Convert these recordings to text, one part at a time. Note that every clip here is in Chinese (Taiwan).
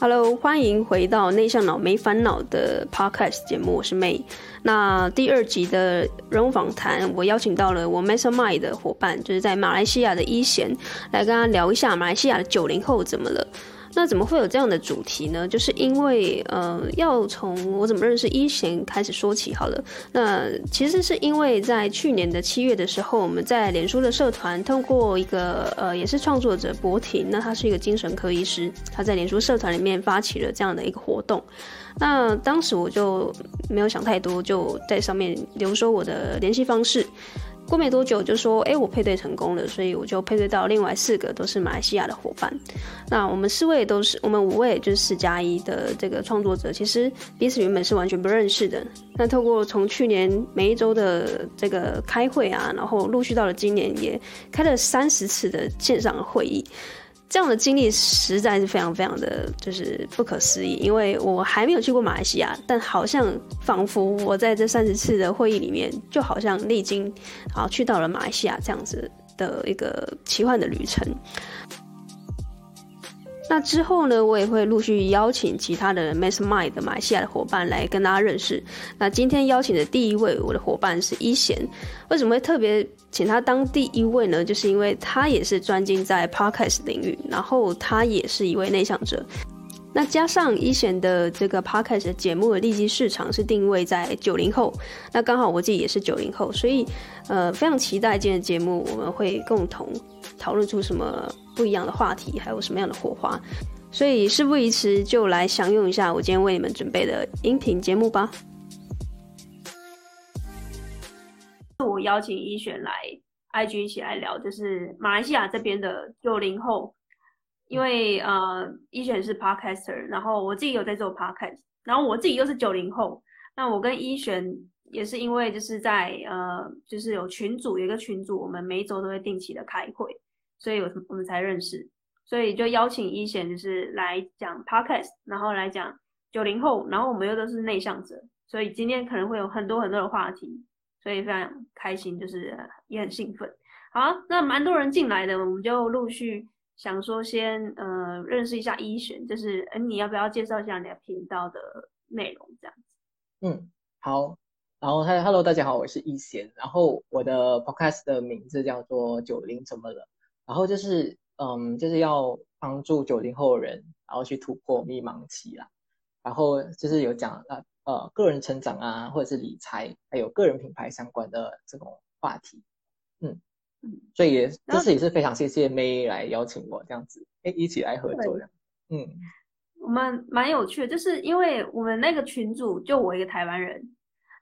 Hello，歡迎回到內向腦沒煩惱的 Podcast 節目，我是 May。那第二集的人物訪談，我邀請到了我 Mastermind 的夥伴，就是在馬來西亞的一弦，來跟他聊一下馬來西亞的九零後怎麼了。那怎麼會有這樣的主題呢？就是因為，呃，要從我怎麼認識一弦開始說起好了。那其實是因為在去年的七月的時候，我們在臉書的社團透過一個，呃，也是創作者博婷，那他是一個精神科醫師，他在臉書社團裡面發起了這樣的一個活動。那當時我就沒有想太多，就在上面留說我的聯繫方式。過沒多久就說，哎，我配對成功了，所以我就配對到另外四個都是馬來西亞的夥伴。那我們四位都是，我們五位就是四加一的這個創作者，其實彼此原本是完全不認識的。那透過從去年每一周的這個開會啊，然後陸續到了今年也開了三十次的線上的會議。這樣的經歷實在是非常非常的，就是不可思議。因為我還沒有去過馬來西亞，但好像仿佛我在這三十次的會議裡面，就好像歷經，好像去到了馬來西亞這樣子的一個奇幻的旅程。那之後呢，我也會陸續邀請其他的 MassMind 馬來西亞的夥伴來跟大家認識。那今天邀請的第一位我的伙伴是一弦，為什麼會特別請他當第一位呢？就是因為他也是專精在 Podcast 領域，然後他也是一位內向者。那加上一弦的這個 podcast 節目的利基市場是定位在九零後，那剛好我自己也是九零後，所以呃非常期待今天的節目，我們會共同討論出什麼不一樣的話題，還有什麼樣的火花。所以事不宜遲，就來享用一下我今天為你們準備的音頻節目吧。我邀請一弦來 IG 一起來聊，就是馬來西亞這邊的九零後。因為呃，一弦是 podcaster，然後我自己有在做 podcast，然後我自己又是九零後，那我跟一弦也是因為就是在呃，就是有群組，有一個群組，我們每一周都會定期的開會，所以我我們才認識，所以就邀請一弦就是來講 podcast，然後來講九零後，然後我們又都是內向者，所以今天可能會有很多很多的話題，所以非常開心，就是也很興奮。好，那蠻多人進來的，我們就陸續。想說先呃認識一下一弦，就是、呃、你要不要介紹一下你的頻道的內容這樣子？嗯，好。然後哈 Hello，大家好，我是一弦。然後我的 Podcast 的名字叫做九零怎麼了。然後就是嗯，就是要幫助九零後人，然後去突破迷茫期啦。然後就是有講啊呃，呃個人成長啊，或者是理財，還有個人品牌相關的這種話題，嗯。嗯、所以也，後這次也是非常謝謝 May 來邀請我這樣子誒，一起來合作的。對嗯，我們蠻有趣的，就是因為我們那個群組就我一個台灣人，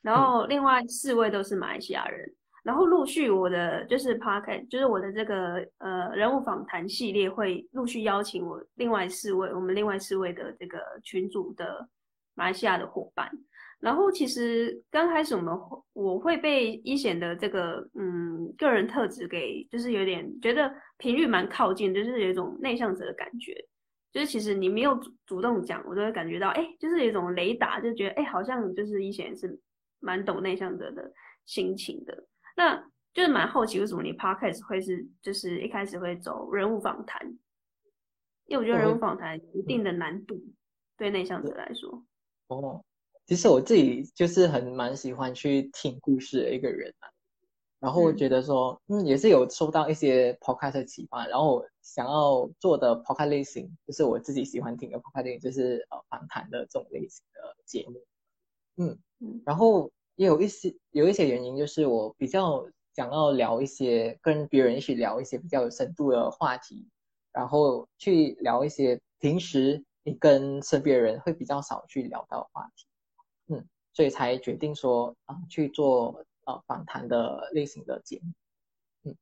然後另外四位都是馬來西亞人，嗯、然後陸續我的就是 Park 就是我的這個呃人物訪談系列會陸續邀請我另外四位我們另外四位的這個群組的馬來西亞的伙伴。然後其實剛開始我們我會被一弦的這個嗯個人特質給就是有點覺得頻率蠻靠近，就是有一種內向者的感覺。就是其實你沒有主主動講，我都會感覺到哎，就是有一種雷達，就覺得哎好像就是一弦是蠻懂內向者的心情的。那就是蠻好奇為什麼你 Podcast 會是就是一開始會走人物訪談，因為我覺得人物訪談一定的難度，oh. 對內向者來說。哦。Oh. 其實我自己就是很蠻喜歡去聽故事的一個人啊，然後覺得說，嗯，嗯，也是有受到一些 podcast 啟發，然後想要做的 podcast 類型，就是我自己喜歡聽的 podcast 類型，就是呃訪談的這種類型的節目，嗯，然後也有一些有一些原因，就是我比較想要聊一些跟別人一起聊一些比較有深度的話題，然後去聊一些平時你跟身邊人會比較少去聊到的話題。所以才決定說啊、呃、去做呃訪談的類型的節目，嗯，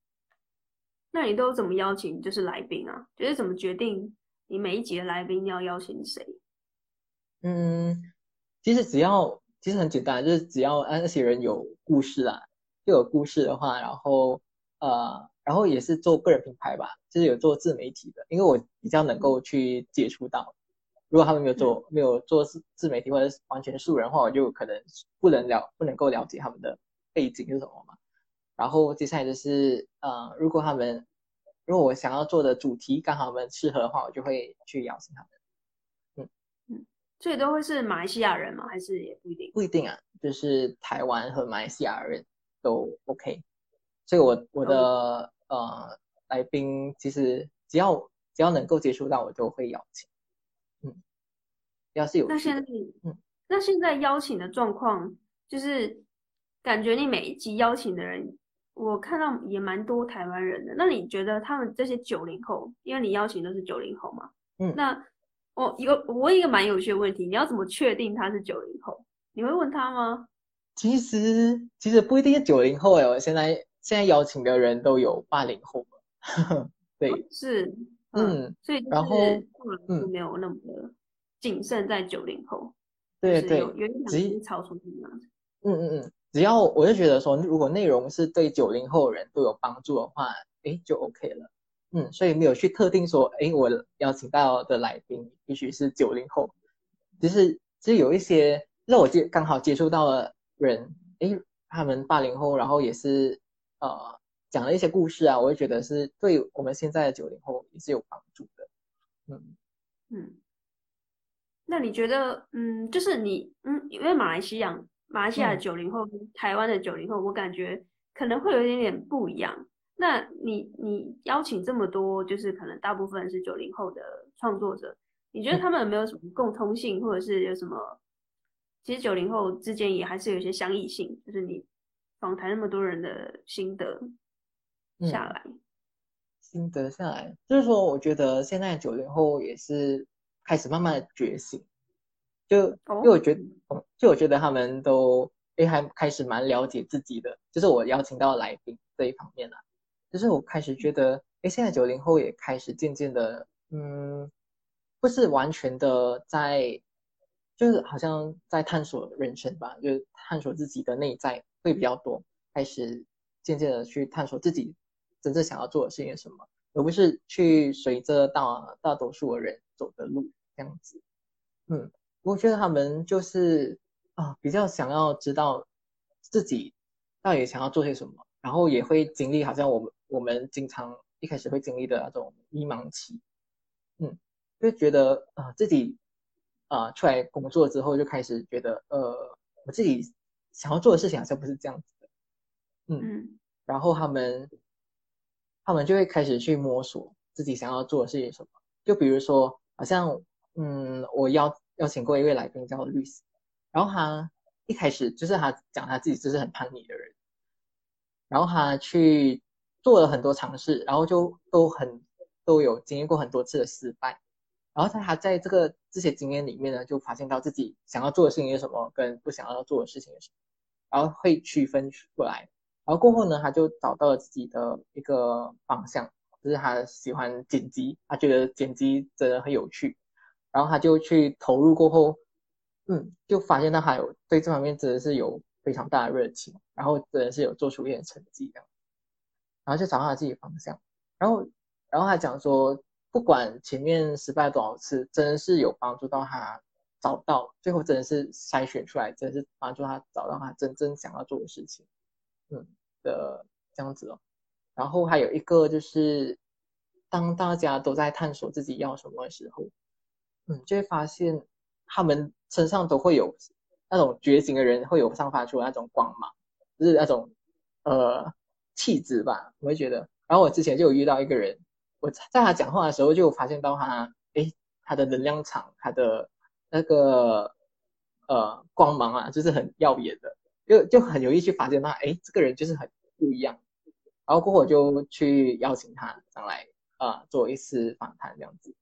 那你都怎麼邀請就是來賓啊？就是怎麼決定你每一集的來賓要邀請誰？嗯，其實只要其實很簡單，就是只要那些人有故事啊，又有故事的話，然後呃，然後也是做個人品牌吧，就是有做自媒體的，因為我比較能夠去接觸到。嗯如果他們沒有做、嗯、沒有做自自媒體或者完全素人的話，我就可能不能了不能夠了解他們的背景是什麼嘛。然後接下來就是，呃，如果他們如果我想要做的主題剛好他們適合的話，我就會去邀請他們。嗯嗯，這都會是馬來西亞人嗎？還是也不一定？不一定啊，就是台灣和馬來西亞人都 OK。所以我我的、嗯、呃來賓其實只要只要能夠接觸到我都會邀請。要是有那現在，嗯，那現在邀請的狀況就是感覺你每一集邀請的人，我看到也蠻多台灣人的。那你覺得他們這些九零後，因為你邀請都是九零後嘛，嗯，那我有我問一個蠻有趣的問題，你要怎麼確定他是九零後？你會問他嗎？其實其實不一定是九零後哎，我現在現在邀請的人都有八零後了呵呵，對，哦，是嗯，嗯所以，就是，然後就沒有那麼的。嗯謹慎在九零後，對對，直接超出什麼樣子？嗯嗯嗯，只要我就覺得說，如果內容是對九零後人都有幫助的話，哎，就 OK 了。嗯，所以沒有去特定說，哎，我邀請到的來賓必須是九零後。其實其實有一些，那我接剛好接觸到的人，哎，他們八零後，然後也是，呃，講了一些故事啊，我就覺得是對我們現在的九零後也是有幫助的。嗯嗯。那你覺得，嗯，就是你，嗯，因為馬來西亞、馬來西亞的九零後跟台灣的九零後，嗯、我感覺可能會有一點點不一樣。那你你邀請這麼多，就是可能大部分是九零後的創作者，你覺得他們有沒有什麼共通性，嗯、或者是有什麼？其實九零後之間也還是有一些相異性，就是你訪談那麼多人的心得下來，嗯、心得下來，就是說，我覺得現在九零後也是，開始慢慢的覺醒，就因為我覺得，就我覺得他們都，誒、欸、還開始蠻了解自己的。就是我邀請到來賓這一方面了，就是我開始覺得，哎、欸，現在九零後也開始漸漸的，嗯，不是完全的在，就是好像在探索人生吧，就是探索自己的內在會比較多，開始漸漸的去探索自己真正想要做的事情是什麼，而不是去隨着大大多數的人走的路。這樣子，嗯，我覺得他們就是啊、呃，比較想要知道自己到底想要做些什麼，然後也會經歷好像我們我們經常一開始會經歷的那種迷茫期，嗯，就覺得啊、呃、自己啊、呃、出來工作之後就開始覺得呃，我自己想要做的事情好像不是這樣子的，嗯，嗯，然後他們他們就會開始去摸索自己想要做的是什麼，就比如說好像。嗯，我邀邀請過一位來賓叫做律師，然後他一開始就是他講他自己就是很叛逆的人，然後他去做了很多嘗試，然後就都很都有經歷過很多次的失敗，然後他，他在這個這些經驗裡面呢，就發現到自己想要做的事情是什麼，跟不想要做的事情是什麼，然後會區分出來，然後過後呢，他就找到了自己的一個方向，就是他喜歡剪輯，他覺得剪輯真的很有趣。然後他就去投入過後，嗯，就發現到他還有對這方面真的是有非常大的熱情，然後真的是有做出一點成績，然後就找到他自己方向。然後，然後他講說，不管前面失敗多少次，真的是有幫助到他找到最後，真的是篩選出來，真的是幫助他找到他真正想要做的事情，嗯的這樣子哦。然後還有一個就是，當大家都在探索自己要什麼的時候。嗯，就會發現他們身上都會有那種覺醒的人會有散發出那種光芒，就是那種呃氣質吧。我會覺得，然後我之前就有遇到一個人，我在他講話的時候就發現到他，哎，他的能量場，他的那個呃光芒啊，就是很耀眼的，就就很容易去發現到他，哎，這個人就是很不一樣。然後過後我就去邀請他上來啊，呃，做一次訪談這樣子。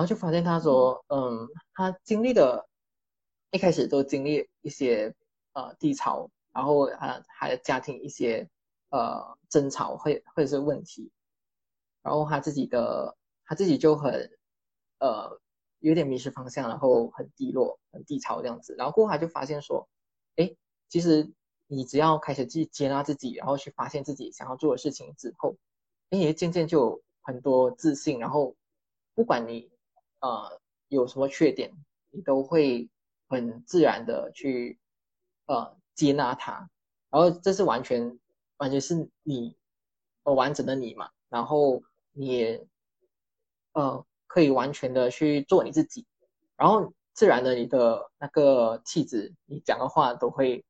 然後就發現，他說：“嗯，他經歷的，一開始都經歷一些呃低潮，然後啊還家庭一些呃爭吵會會是問題，然後他自己的他自己就很呃有點迷失方向，然後很低落、很低潮這樣子。然後過後他就發現說，哎，其實你只要開始去接納自己，然後去發現自己想要做的事情之後，你也漸漸就有很多自信，然後不管你。”呃，有什麼缺點，你都會很自然的去呃接納它，然後這是完全完全是你呃完整的你嘛，然後你也呃可以完全的去做你自己，然後自然的你的那個氣質，你講的話都會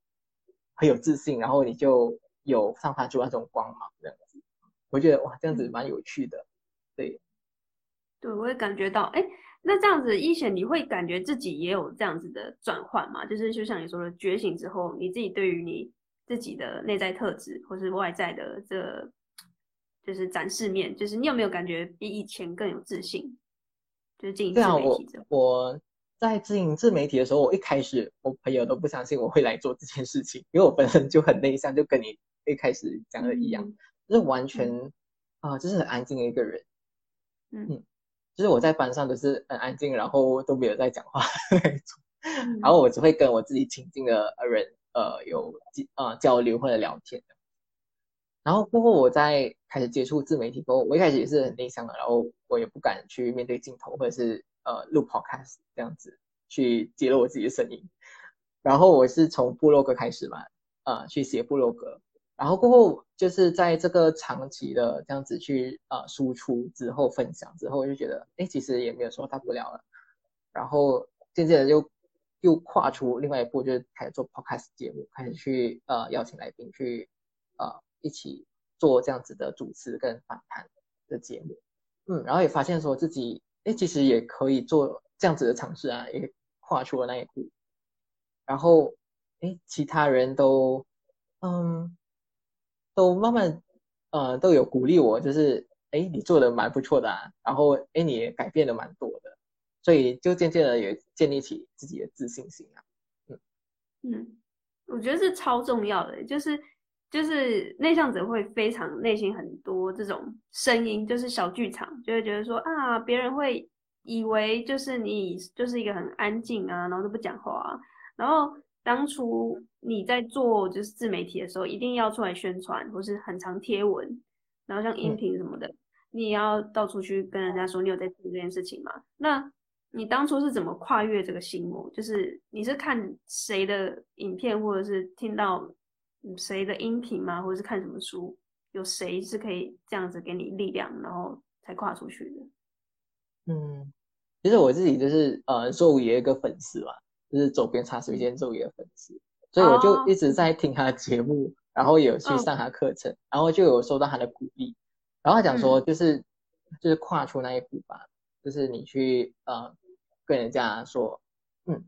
很有自信，然後你就有散發出那種光芒這樣子，我覺得哇這樣子蠻有趣的，對。對，我也感覺到，哎，那這樣子一弦你會感覺自己也有這樣子的轉換嘛？就是就像你說的，覺醒之後，你自己對於你自己的內在特質或是外在的這，就是展示面，就是你有沒有感覺比以前更有自信？就是進行自媒體這。對啊，我我在進行自媒體的時候，我一開始我朋友都不相信我會來做這件事情，因為我本身就很內向，就跟你一開始講的一樣，嗯、是完全啊、嗯呃，就是很安靜的一個人，嗯嗯。嗯就是我在班上都是很安靜，然後都沒有在講話那種， 然後我只會跟我自己親近的人，呃，有呃，交流或者聊天。然後過後我在開始接觸自媒體後，我一開始也是很內向的，然後我也不敢去面對鏡頭或者是呃錄 podcast 這樣子去揭露我自己的聲音。然後我是從部落格開始嘛，呃，去寫部落格。然後過後就是在這個長期的這樣子去呃輸出之後分享之後，我就覺得誒其實也沒有說大不了了，然後漸漸的又又跨出另外一步，就是開始做 podcast 節目，開始去呃邀請來賓去呃一起做這樣子的主持跟訪談的節目，嗯，然後也發現說自己誒其實也可以做這樣子的嘗試啊，也跨出了那一步，然後誒其他人都嗯。都慢慢，呃，都有鼓勵我，就是，哎，你做的蠻不錯的啊，然後，哎，你也改變的蠻多的，所以就漸漸的也建立起自己的自信心啊，嗯嗯，我覺得是超重要的，就是就是內向者會非常內心很多這種聲音，就是小劇場，就會覺得說啊，別人會以為就是你就是一個很安靜啊，然後都不講話啊，然後。當初你在做就是自媒體的時候，一定要出來宣傳，或是很常貼文，然後像音頻什麼的，嗯、你也要到處去跟人家說你有在做這件事情嘛？那你當初是怎麼跨越這個心魔？就是你是看誰的影片，或者是聽到誰的音頻嗎？或者是看什麼書？有誰是可以這樣子給你力量，然後才跨出去的？嗯，其實我自己就是呃，作為一個粉絲吧。就是走遍茶水間晝的粉絲，所以我就一直在聽他的節目，oh. 然後有去上他課程，oh. 然後就有收到他的鼓勵。然後他講說，就是、嗯、就是跨出那一步吧，就是你去呃跟人家說，嗯，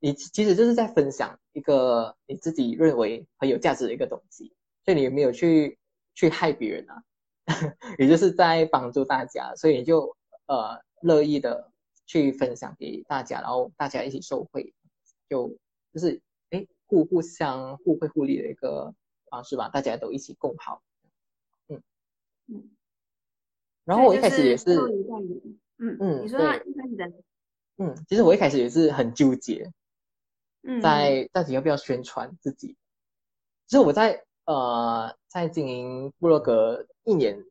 你其實就是在分享一個你自己認為很有價值的一個東西，所以你有沒有去去害別人啊，也 就是在幫助大家，所以你就呃樂意的。去分享給大家，然後大家一起受惠，就，就是哎，互互相互惠互利的一個方式吧？大家都一起共好，嗯嗯。然後我一開始也是，嗯嗯，嗯，你說一開始嗯，其實我一開始也是很糾結，嗯，在到底要不要宣傳自己？嗯、其實我在呃，在經營部落格一年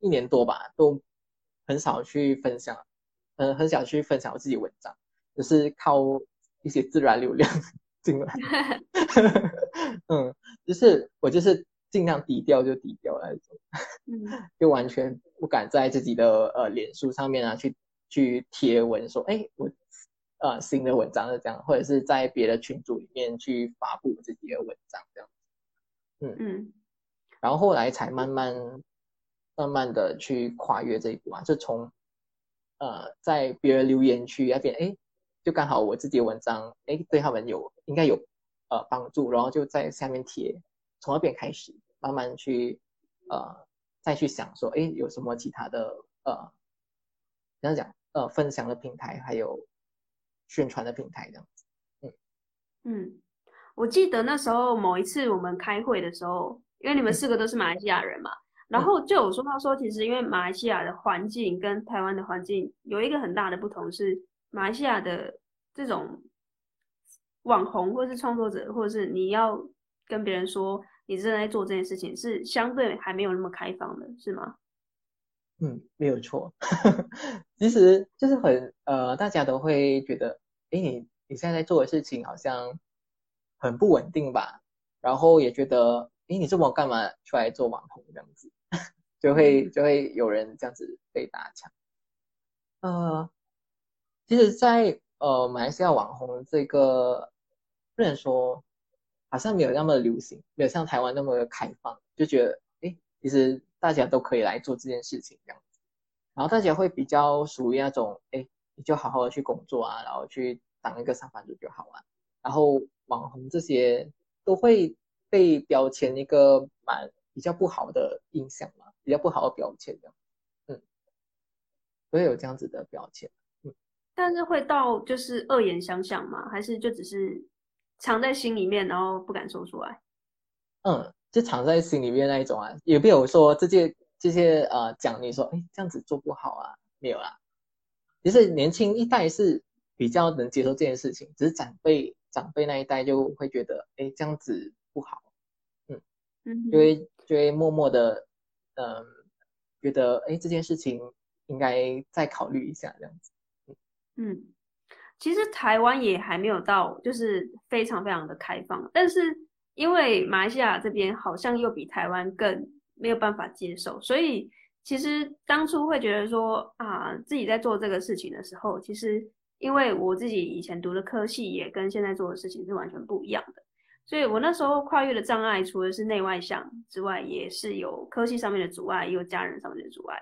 一年多吧，都很少去分享。嗯，很想去分享我自己文章，就是靠一些自然流量進來。 嗯，就是我就是盡量低調就低調那種，嗯、就完全不敢在自己的呃臉書上面啊去去貼文說，哎，我呃新的文章是這樣，或者是在別的群組裡面去發布自己的文章這樣。嗯嗯，然後後來才慢慢、嗯、慢慢的去跨越這一步啊，就從。呃，在別人留言區，那邊，哎，就剛好我自己的文章，哎，對他們有應該有呃幫助，然後就在下面貼，從那邊開始慢慢去呃再去想說，哎，有什麼其他的呃怎樣講呃分享的平台，還有宣傳的平台這樣子，嗯嗯，我記得那時候某一次我們開會的時候，因為你們四個都是馬來西亞人嘛。嗯嗯、然後就有說，說，他說其實因為馬來西亞的環境跟台灣的環境有一個很大的不同，是馬來西亞的這種網紅或者是創作者，或者是你要跟別人說你正在做這件事情，是相對還沒有那麼開放的，是嗎？嗯，沒有錯， 其實就是很呃，大家都會覺得，誒，你你現在在做的事情好像很不穩定吧？然後也覺得，誒，你這麼幹嘛出來做網紅這樣子？就會就會有人這樣子被打搶，呃，其實在，在呃馬來西亞網紅這個不能說，好像沒有那麼流行，沒有像台灣那麼的開放，就覺得誒，其實大家都可以來做這件事情這樣子，然後大家會比較屬於那種誒，你就好好的去工作啊，然後去當一個上班族就好了，然後網紅這些都會被標籤一個蠻。比較不好的印象嘛，比較不好的表現，嗯，不會有這樣子的表現，嗯。但是會到就是惡言相向嘛，還是就只是藏在心裡面，然後不敢說出來？嗯，就藏在心裡面那一種啊。有沒有說這些這些呃講你說，哎、欸，這樣子做不好啊？沒有啦。其實年輕一代是比較能接受這件事情，只是長輩長輩那一代就會覺得，哎、欸，這樣子不好，嗯嗯，因為。默默的，嗯，覺得，哎，這件事情應該再考慮一下，這樣子。嗯，其實台灣也還沒有到，就是非常非常的開放，但是因為馬來西亞這邊好像又比台灣更沒有辦法接受，所以其實當初會覺得說啊，自己在做這個事情的時候，其實因為我自己以前讀的科系也跟現在做的事情是完全不一樣的。所以我那時候跨越的障礙，除了是內外向之外，也是有科技上面的阻礙，也有家人上面的阻礙。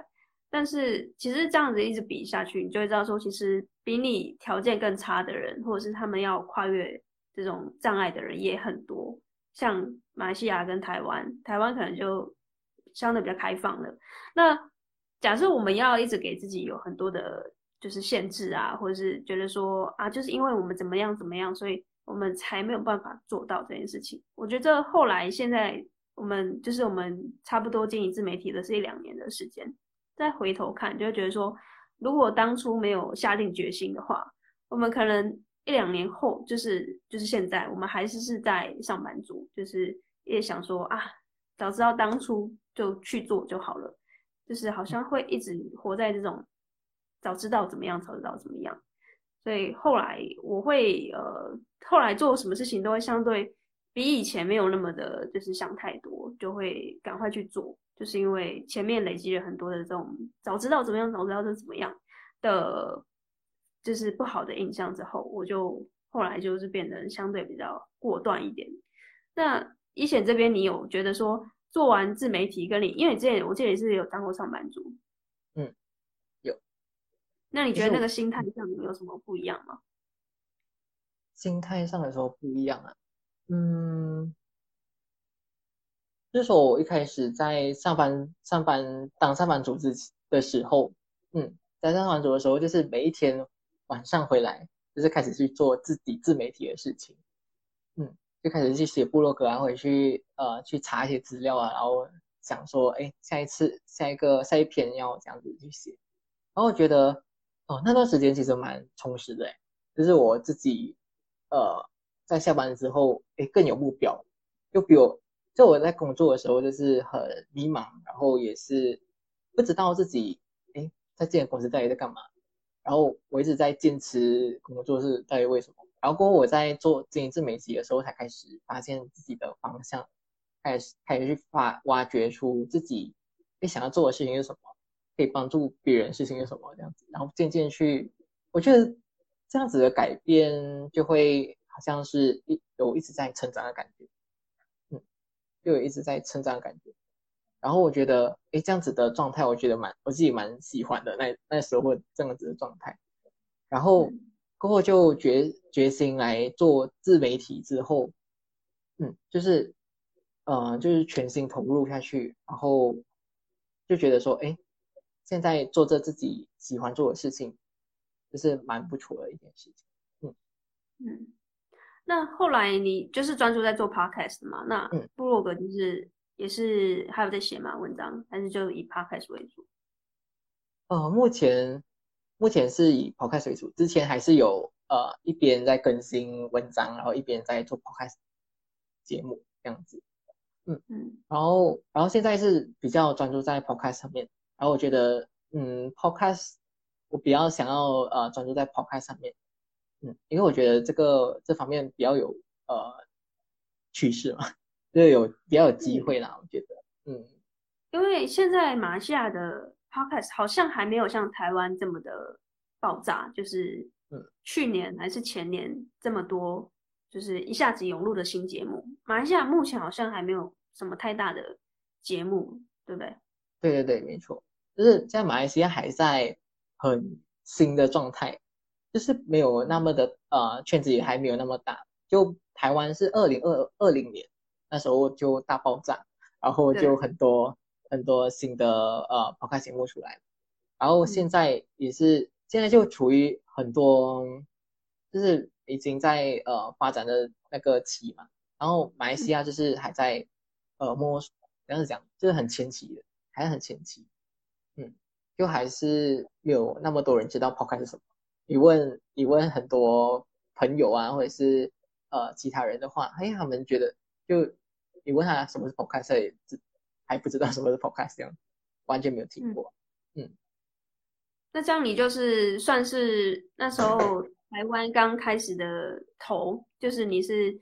但是其實這樣子一直比下去，你就會知道說，其實比你條件更差的人，或者是他們要跨越這種障礙的人也很多。像馬來西亞跟台灣，台灣可能就相對比較開放了。那假設我們要一直給自己有很多的，就是限制啊，或者是覺得說啊，就是因為我們怎麼樣怎麼樣，所以。我們才沒有辦法做到這件事情。我覺得後來現在我們就是我們差不多經營自媒體的是一兩年的時間，再回頭看就會覺得說，如果當初沒有下定決心的話，我們可能一兩年後就是就是現在我們還是是在上班族，就是也想說啊，早知道當初就去做就好了，就是好像會一直活在這種早知道怎麼樣，早知道怎麼樣。所以後來我會呃，後來做什麼事情都會相對比以前沒有那麼的，就是想太多，就會趕快去做，就是因為前面累積了很多的這種早知道怎麼樣，早知道就怎麼樣的，就是不好的印象之後，我就後來就是變得相對比較果斷一點。那一弦這邊你有覺得說做完自媒體跟你，因為之前我之前也是有當過上班族。那你覺得那個心態上有什麼不一樣嗎？嗯、心態上的時候不一樣啊，嗯，就是說我一開始在上班、上班當上班族之的時候，嗯，在上班族的時候，就是每一天晚上回來，就是開始去做自己自媒體的事情，嗯，就開始去寫部落格啊，回去呃去查一些資料啊，然後想說，哎，下一次、下一個、下一篇要這樣子去寫，然後我覺得。哦，那段時間其實蠻充實的誒，就是我自己，呃，在下班之後，誒，更有目標，就比如，就我在工作的時候，就是很迷茫，然後也是不知道自己，誒，在這個公司到底在幹嘛，然後我一直在堅持工作是到底為什麼，然後過後我在做經營自媒體的時候，才開始發現自己的方向，開始，開始去發，挖掘出自己，誒，想要做的事情是什麼。可以幫助別人的事情有什麼這樣子，然後漸漸去，我覺得這樣子的改變就會好像是一有一直在成長的感覺，嗯，就有一直在成長的感覺，然後我覺得，哎，這樣子的狀態，我覺得蠻我自己蠻喜歡的那那時候這樣子的狀態，然後過後就決決心來做自媒體之後，嗯，就是，嗯、呃，就是全心投入下去，然後就覺得說，哎。現在做着自己喜歡做的事情，就是蠻不錯的一件事情。嗯嗯，那後來你就是專注在做 podcast 嗎？那部落格就是、嗯、也是還有在寫嘛文章但是，就以 podcast 為主？哦、呃，目前目前是以 podcast 為主，之前還是有呃一邊在更新文章，然後一邊在做 podcast 節目這樣子。嗯嗯，然後然後現在是比較專注在 podcast 上面。然後我覺得，嗯，podcast，我比較想要呃專注在 podcast 上面，嗯，因為我覺得這個這方面比較有呃趨勢嘛，就是、有比較有機會啦。嗯、我覺得，嗯，因為現在馬來西亞的 podcast 好像還沒有像台灣這麼的爆炸，就是嗯去年還是前年這麼多，就是一下子湧入的新節目。馬來西亞目前好像還沒有什麼太大的節目，對不對？對對對，沒錯。就是現在馬來西亞還在很新的狀態，就是沒有那麼的呃圈子，也還沒有那麼大。就台灣是二零二二零年那時候就大爆炸，然後就很多的很多新的呃 Podcast 節目出來，然後現在也是、嗯、現在就處於很多就是已經在呃發展的那個期嘛。然後馬來西亞就是還在、嗯、呃摸索，這樣子講就是很前期的，還是很前期。就還是沒有那麼多人知道 Podcast 是什麼。你問你問很多朋友啊，或者是呃其他人的話，嘿、哎，他們覺得就你問他什麼是 Podcast，也還不知道什麼是 Podcast，這樣完全沒有聽過。嗯，嗯那這樣你就是算是那時候台灣剛開始的頭， 就是你是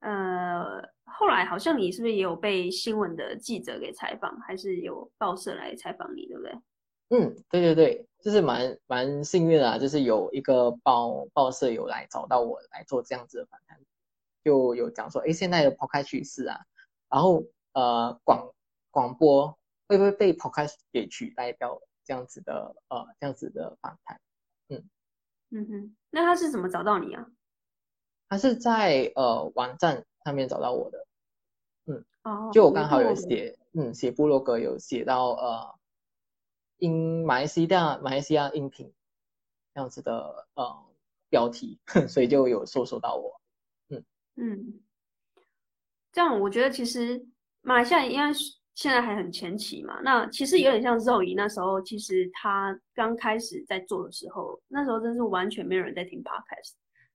呃後來好像你是不是也有被新聞的記者給採訪，還是有報社來採訪你，對不對？嗯，對對對，就是蠻蠻幸運的啊，就是有一個報報社有來找到我來做這樣子的訪談，就有講說，哎，現在的 Podcast 趨勢啊，然後呃，廣廣播會不會被 Podcast 給取代掉這樣子的呃，這樣子的訪談，嗯嗯哼，那他是怎麼找到你啊？他是在呃網站上面找到我的，嗯，哦，就我剛好有寫，嗯，嗯，寫部落格有寫到呃。因馬來西亞馬來西亞音頻這樣子的、嗯、標題，所以就有搜索到我。嗯嗯，這樣我覺得其實馬來西亞應該現在還很前期嘛。那其實有點像 Zoe 那時候，Yeah. 其實他剛開始在做的時候，那時候真是完全沒有人在聽 podcast，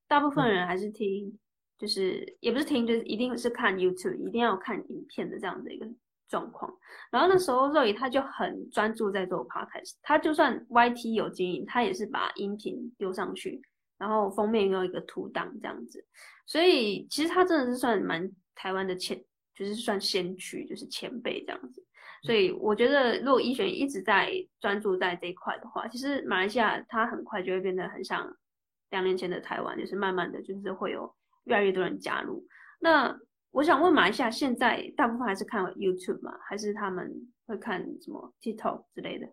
大部分人還是聽、嗯、就是也不是聽，就是一定是看 YouTube，一定要看影片的這樣的一個。狀況，然後那時候 Roy 他就很專注在做 podcast，他就算 YT 有經營，他也是把音頻丟上去，然後封面用一個圖檔這樣子，所以其實他真的是算蠻台灣的前，就是算先驅，就是前輩這樣子，所以我覺得如果一弦一直在專注在這一塊的話，其實馬來西亞他很快就會變得很像兩年前的台灣，就是慢慢的，就是會有越來越多人加入，那。我想問馬來西亞現在大部分還是看 YouTube 嗎？還是他們會看什麼 TikTok 之類的，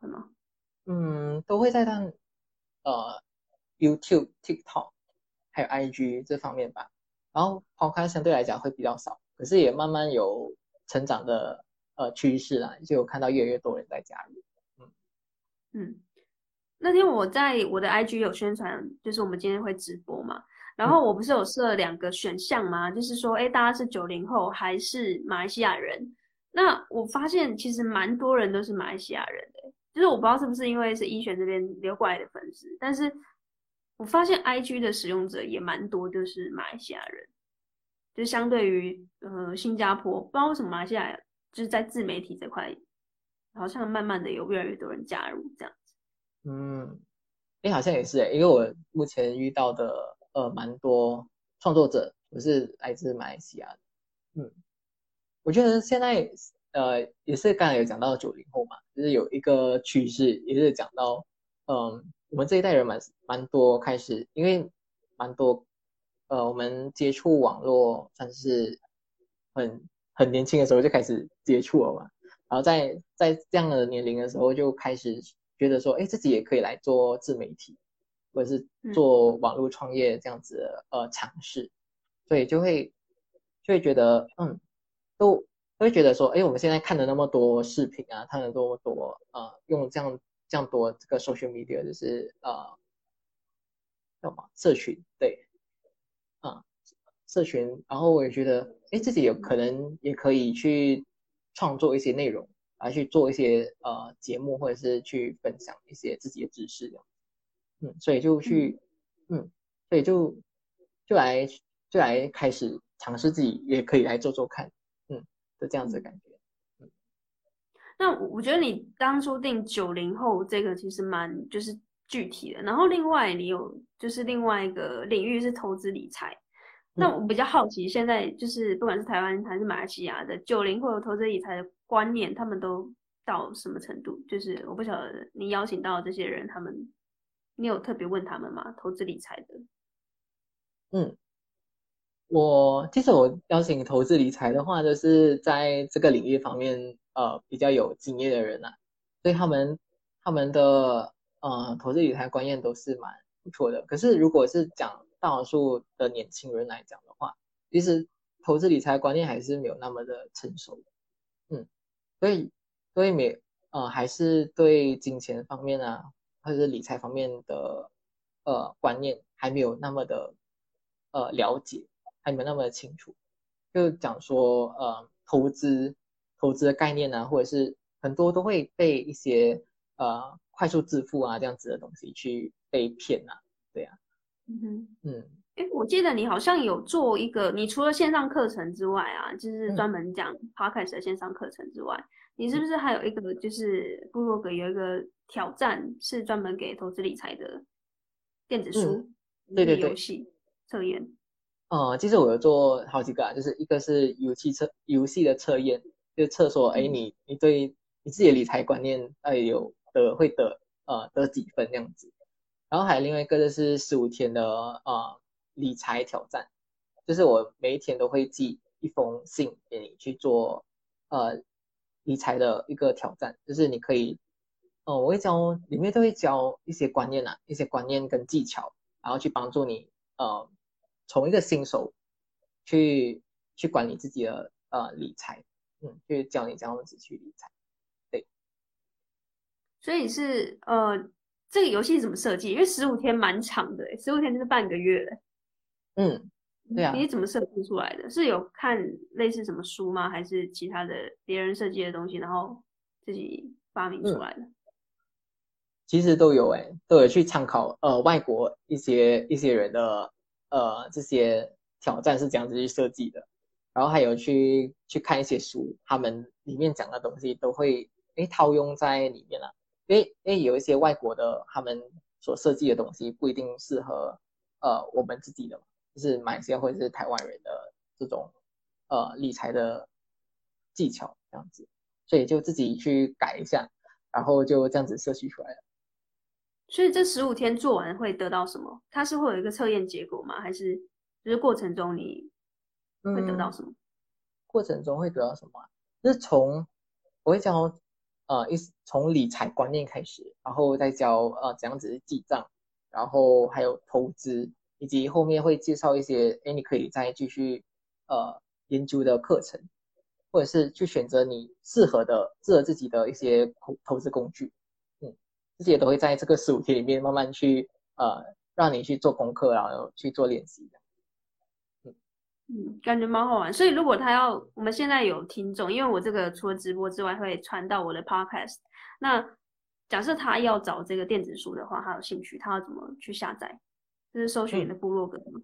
對嗎？嗯，都會在上呃 YouTube、TikTok 還有 IG 這方面吧。然後 Podcast 相對來講會比較少，可是也慢慢有成長的呃趨勢啦，就有看到越來越多人在加入。嗯嗯，那天我在我的 IG 有宣傳，就是我們今天會直播嘛。然後我不是有設了兩個選項嗎？嗯、就是說，哎、欸，大家是九零後還是馬來西亞人？那我發現其實蠻多人都是馬來西亞人的，欸，就是我不知道是不是因為是一弦這邊留過來的粉絲，但是我發現 I G 的使用者也蠻多，就是馬來西亞人，就相對於呃新加坡，不知道為什麼馬來西亞就是在自媒體這塊好像慢慢的有越來越多人加入這樣子。嗯，哎，好像也是，欸，因為我目前遇到的。呃，蠻多創作者，我、就是來自馬來西亞的，嗯，我覺得現在，呃，也是剛才有講到九零後嘛，就是有一個趨勢，也是講到，嗯、呃，我們這一代人蠻蠻多開始，因為蠻多，呃，我們接觸網絡，算是很很年輕的時候就開始接觸了嘛，然後在在這樣的年齡的時候就開始覺得說，哎，自己也可以來做自媒體。或者是做網絡創業這樣子的、嗯、呃、嘗試，所以就會就會覺得嗯都，都會覺得說，哎、欸，我們現在看了那麼多視頻啊，看了那麼多啊、呃，用這樣這樣多這個 social media 就是叫什麼、呃、社群，對啊、呃，社群，然後我也覺得，哎、欸，自己有可能也可以去創作一些內容，來、啊、去做一些呃、節目，或者是去分享一些自己的知識。嗯，所以就去，嗯，所以、嗯、就就來就來開始嘗試自己也可以來做做看，嗯，就這樣子的感覺。嗯，那我覺得你當初定九零後這個其實蠻就是具體的，然後另外你有就是另外一個領域是投資理財，嗯、那我比較好奇現在就是不管是台灣還是馬來西亞的九零後投資理財的觀念，他們都到什麼程度？就是我不曉得你邀請到這些人他們。你有特別問他們嗎？投資理財的？嗯，我其實我邀請投資理財的話，就是在這個領域方面，呃，比較有經驗的人吶、啊，所以他們他們的呃投資理財觀念都是蠻不錯的。可是如果是講大多數的年輕人來講的話，其實投資理財觀念還是沒有那麼的成熟的。嗯，所以所以沒呃還是對金錢方面啊。或者是理財方面的呃觀念還沒有那麼的呃了解，還沒有那麼的清楚，就講說呃投資投資的概念啊，或者是很多都會被一些呃快速致富啊這樣子的東西去被騙啊，對啊。嗯哼嗯，哎、欸，我記得你好像有做一個，你除了線上課程之外啊，就是專門講 Podcast 的線上課程之外。你是不是還有一個？就是部落格有一個挑戰，是專門給投資理財的電子書、嗯、對對對遊戲測驗。哦、呃，其實我有做好幾個啊，就是一個是遊戲測遊戲的測驗，就是、測說哎你你對你自己的理財觀念哎有、呃、得會得呃得幾分這樣子。然後還有另外一個就是十五天的呃理財挑戰，就是我每一天都會寄一封信給你去做呃。理財的一個挑戰就是你可以，哦，我會教裡面都會教一些觀念啊，一些觀念跟技巧，然後去幫助你，呃，從一個新手去去管理自己的呃理財，嗯，就是教你這樣子去理財。對。所以你是呃，這個遊戲怎麼設計？因為十五天蠻長的欸，十五天就是半個月。嗯。對啊，你怎麼設計出來的？是有看類似什麼書嗎？還是其他的別人設計的東西，然後自己發明出來的？嗯、其實都有、欸，哎，都有去參考呃外國一些一些人的呃這些挑戰是怎樣子去設計的，然後還有去去看一些書，他們裡面講的東西都會哎套用在裡面了、啊。哎哎，有一些外國的他們所設計的東西不一定適合呃我們自己的嘛。就是馬來西亞或者是台灣人的這種呃理財的技巧這樣子，所以就自己去改一下，然後就這樣子設計出來了。所以這十五天做完會得到什麼？它是會有一個測驗結果嗎？還是就是過程中你會得到什麼？嗯、過程中會得到什麼、啊？就是從我會教呃意思從理財觀念開始，然後再教呃怎樣子記賬，然後還有投資。以及後面會介紹一些，哎，你可以再繼續呃研究的課程，或者是去選擇你適合的，適合自己的一些投投資工具，嗯，這些都會在這個十五天裡面慢慢去呃讓你去做功課，然後去做練習。嗯嗯，感覺蠻好玩。所以如果他要我們現在有聽眾，因為我這個除了直播之外會傳到我的 Podcast，那假設他要找這個電子書的話，他有興趣，他要怎麼去下載？就是搜尋你的部落格、嗯，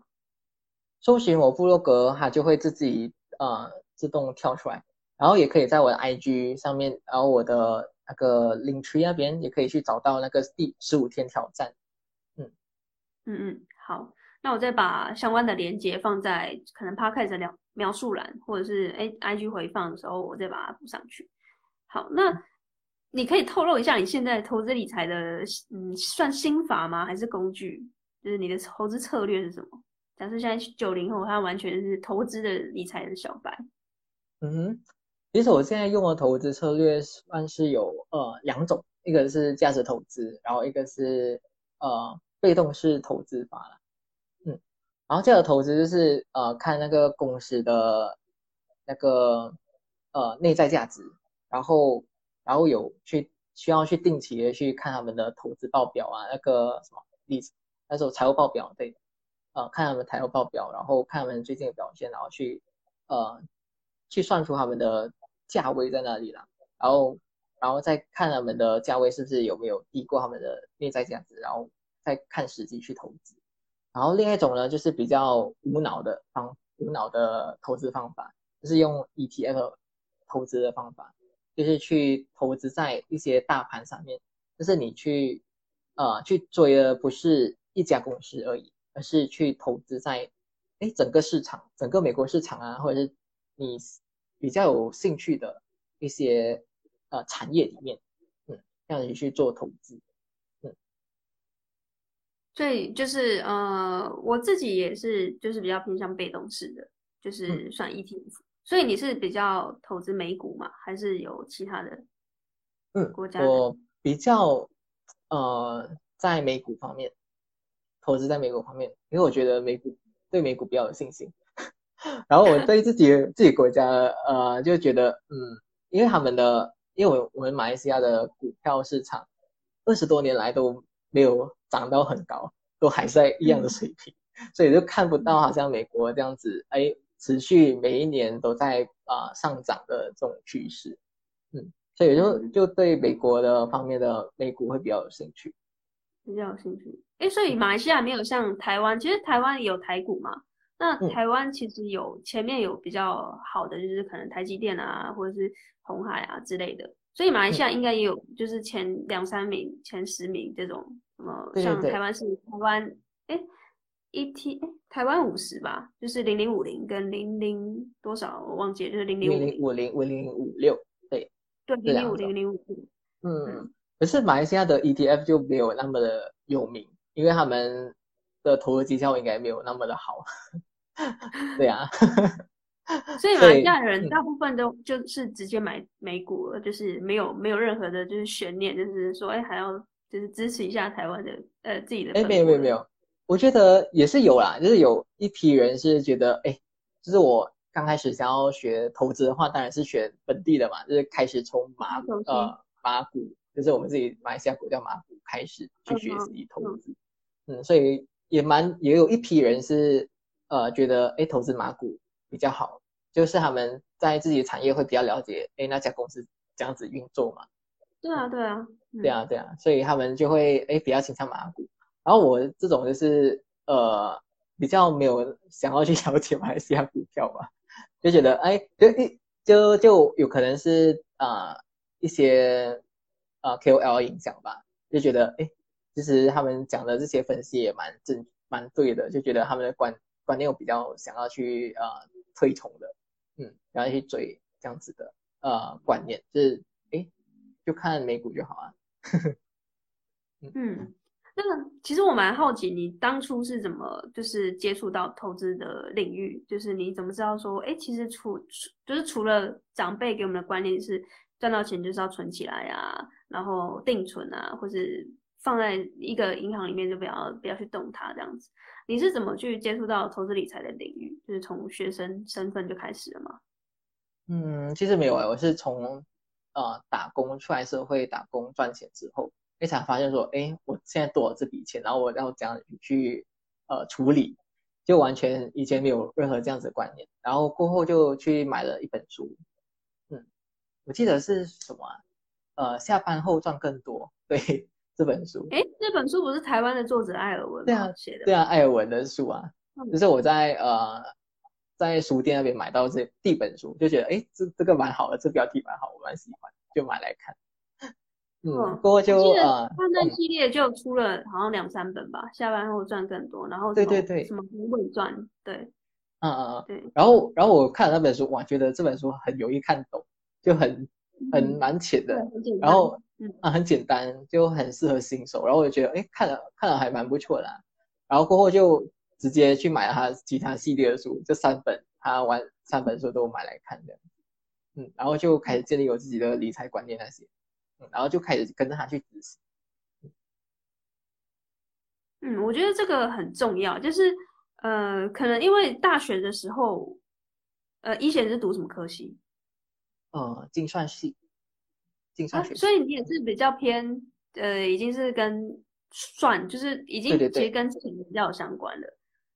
搜尋我部落格，它就會自，自己呃自動跳出來，然後也可以在我的 IG 上面，然後我的那個 Linktree 那邊也可以去找到那個第十五天挑戰，嗯嗯嗯，好，那我再把相關的鏈接放在可能 Podcast 描述欄，或者是誒 IG 回放的時候，我再把它補上去。好，那你可以透露一下你現在投資理財的嗯算心法嗎？還是工具？就是你的投資策略是什麼？假設現在90後，他完全是投資的理財的小白。嗯哼，其實我現在用的投資策略算是有呃兩種，一個是價值投資，然後一個是呃被動式投資法啦。嗯，然後價值投資就是呃看那個公司的那個呃內在價值，然後然後有去需要去定期的去看他們的投資報表啊，那個什麼例子。那時候財務報表對，呃，看他們財務報表，然後看他們最近的表現，然後去，呃，去算出他們的價位在哪裡啦，然後，然後再看他們的價位是不是有沒有低過他們的內在價值，然後再看時機去投資。然後另一種呢，就是比較無腦的方，無腦的投資方法，就是用 ETF 投資的方法，就是去投資在一些大盤上面，就是你去，呃，去追的不是。一家公司而已，而是去投資在哎整個市場，整個美國市場啊，或者是你比較有興趣的一些呃產業裡面，嗯，這樣子去做投資，嗯。所以就是呃，我自己也是就是比較偏向被動式的，就是算 ETF。嗯。所以你是比較投資美股嘛，還是有其他的？嗯，國家呢？嗯。我比較呃在美股方面，投資在美國方面，因為我覺得美股，對美股比較有信心。然後我對自己 自己國家，呃，就覺得嗯，因為他們的，因為我我們馬來西亞的股票市場二十多年來都沒有漲到很高，都還在一樣的水平，嗯、所以就看不到好像美國這樣子，哎，持續每一年都在啊、呃、上漲的這種趨勢，嗯，所以就就對美國的方面的美股會比較有興趣。比較有興趣，哎、欸，所以馬來西亞沒有像台灣，嗯、其實台灣有台股嘛？那台灣其實有、嗯、前面有比較好的，就是可能台積電啊，或者是鴻海啊之類的。所以馬來西亞應該也有，就是前兩三名、嗯、前十名這種，什、呃、麼像台灣是台灣，哎、欸、ET，台灣五十吧，就是零零五零跟零零多少，我忘記了，就是零零五零五零五零五六，對，對，零零五零零五嗯。嗯可是馬來西亞的 ETF 就沒有那麼的有名，因為他們的投資績效應該沒有那麼的好。 對啊。所以馬來西亞的人大部分都就是直接買美股了，對就是沒有、嗯、沒有任何的，就是懸念，就是說，哎，還要就是支持一下台灣的呃自己的。哎，沒有沒有沒有，我覺得也是有啦，就是有一批人是覺得，哎，就是我剛開始想要學投資的話，當然是選本地的嘛，就是開始從馬心呃馬股。就是我們自己馬來西亞股票馬股開始去學習投資，Okay. 嗯，所以也蠻也有一批人是，呃，覺得誒、欸、投資馬股比較好，就是他們在自己的產業會比較了解，誒、欸、那家公司這樣子運作嘛。對啊，嗯、對啊，對啊，嗯、對啊，對啊，所以他們就會誒、欸、比較傾向馬股，然後我這種就是呃比較沒有想要去了解馬來西亞股票嘛，就覺得誒、欸、就一就就有可能是啊、呃、一些。啊、呃、，KOL 影響吧，就覺得哎、欸，其實他們講的這些分析也蠻正，蠻對的，就覺得他們的觀觀念有比較想要去啊、呃、推崇的，嗯，然後去追這樣子的，呃，觀念，就是哎、欸，就看美股就好、啊、呵、呵嗯、嗯，那個、其實我蠻好奇，你當初是怎麼就是接觸到投資的領域？就是你怎麼知道說，哎、欸，其實除除就是除了長輩給我們的觀念是賺到錢就是要存起來啊？然後定存啊，或是放在一個銀行裡面，就不要不要去動它這樣子。你是怎麼去接觸到投資理財的領域？就是從學生身份就開始了嗎？嗯，其實沒有啊、欸，我是從呃打工出來社會打工賺錢之後，才發現說，哎、欸，我現在多了這筆錢，然後我要怎樣去呃處理？就完全以前沒有任何這樣子的觀念，然後過後就去買了一本書，嗯，我記得是什麼、啊？呃，下班後賺更多，對，這本書。哎，這本書不是台灣的作者艾爾文嗎？寫的、啊。對啊，艾爾文的書啊，就、嗯、是我在呃在書店那邊買到這第一本書，就覺得哎，這這個蠻好的，這標題蠻好，我蠻喜歡，就買來看。嗯，不、哦、過就得呃，判斷》系列就出了好像兩三本吧，嗯《下班後賺更多》，然後對對對，什麼《富貴賺》對。嗯嗯、呃。對。然後然後我看了那本書，哇，覺得這本書很容易看懂，就很。很蠻淺的，嗯、然後嗯、啊，很簡單，就很適合新手。然後我就覺得，哎，看了看了還蠻不錯的、啊。然後過後就直接去買了他其他系列的書，這三本他玩，三本書都買來看的，嗯，然後就開始建立有自己的理財觀念那些，嗯、然後就開始跟着他去。嗯，嗯，我覺得這個很重要，就是呃，可能因為大學的時候，呃，以前是讀什麼科系？呃，精算系，精算系、啊，所以你也是比較偏，呃，已經是跟算，就是已經其實跟錢比較有相關的，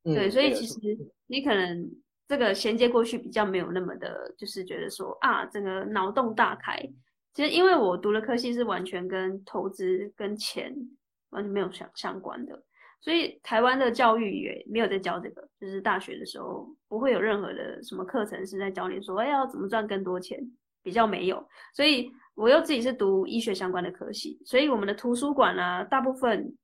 對,對,對,對，所以其實你可能這個銜接過去比較沒有那麼的，就是覺得說啊，這個腦洞大開。嗯、其實因為我讀的科系是完全跟投資跟錢完全沒有相相關的，所以台灣的教育也沒有在教這個，就是大學的時候不會有任何的什麼課程是在教你說，哎呀，要怎麼賺更多錢。比較沒有，所以我又自己是讀醫學相關的科系，所以我們的圖書館呢、啊，大部分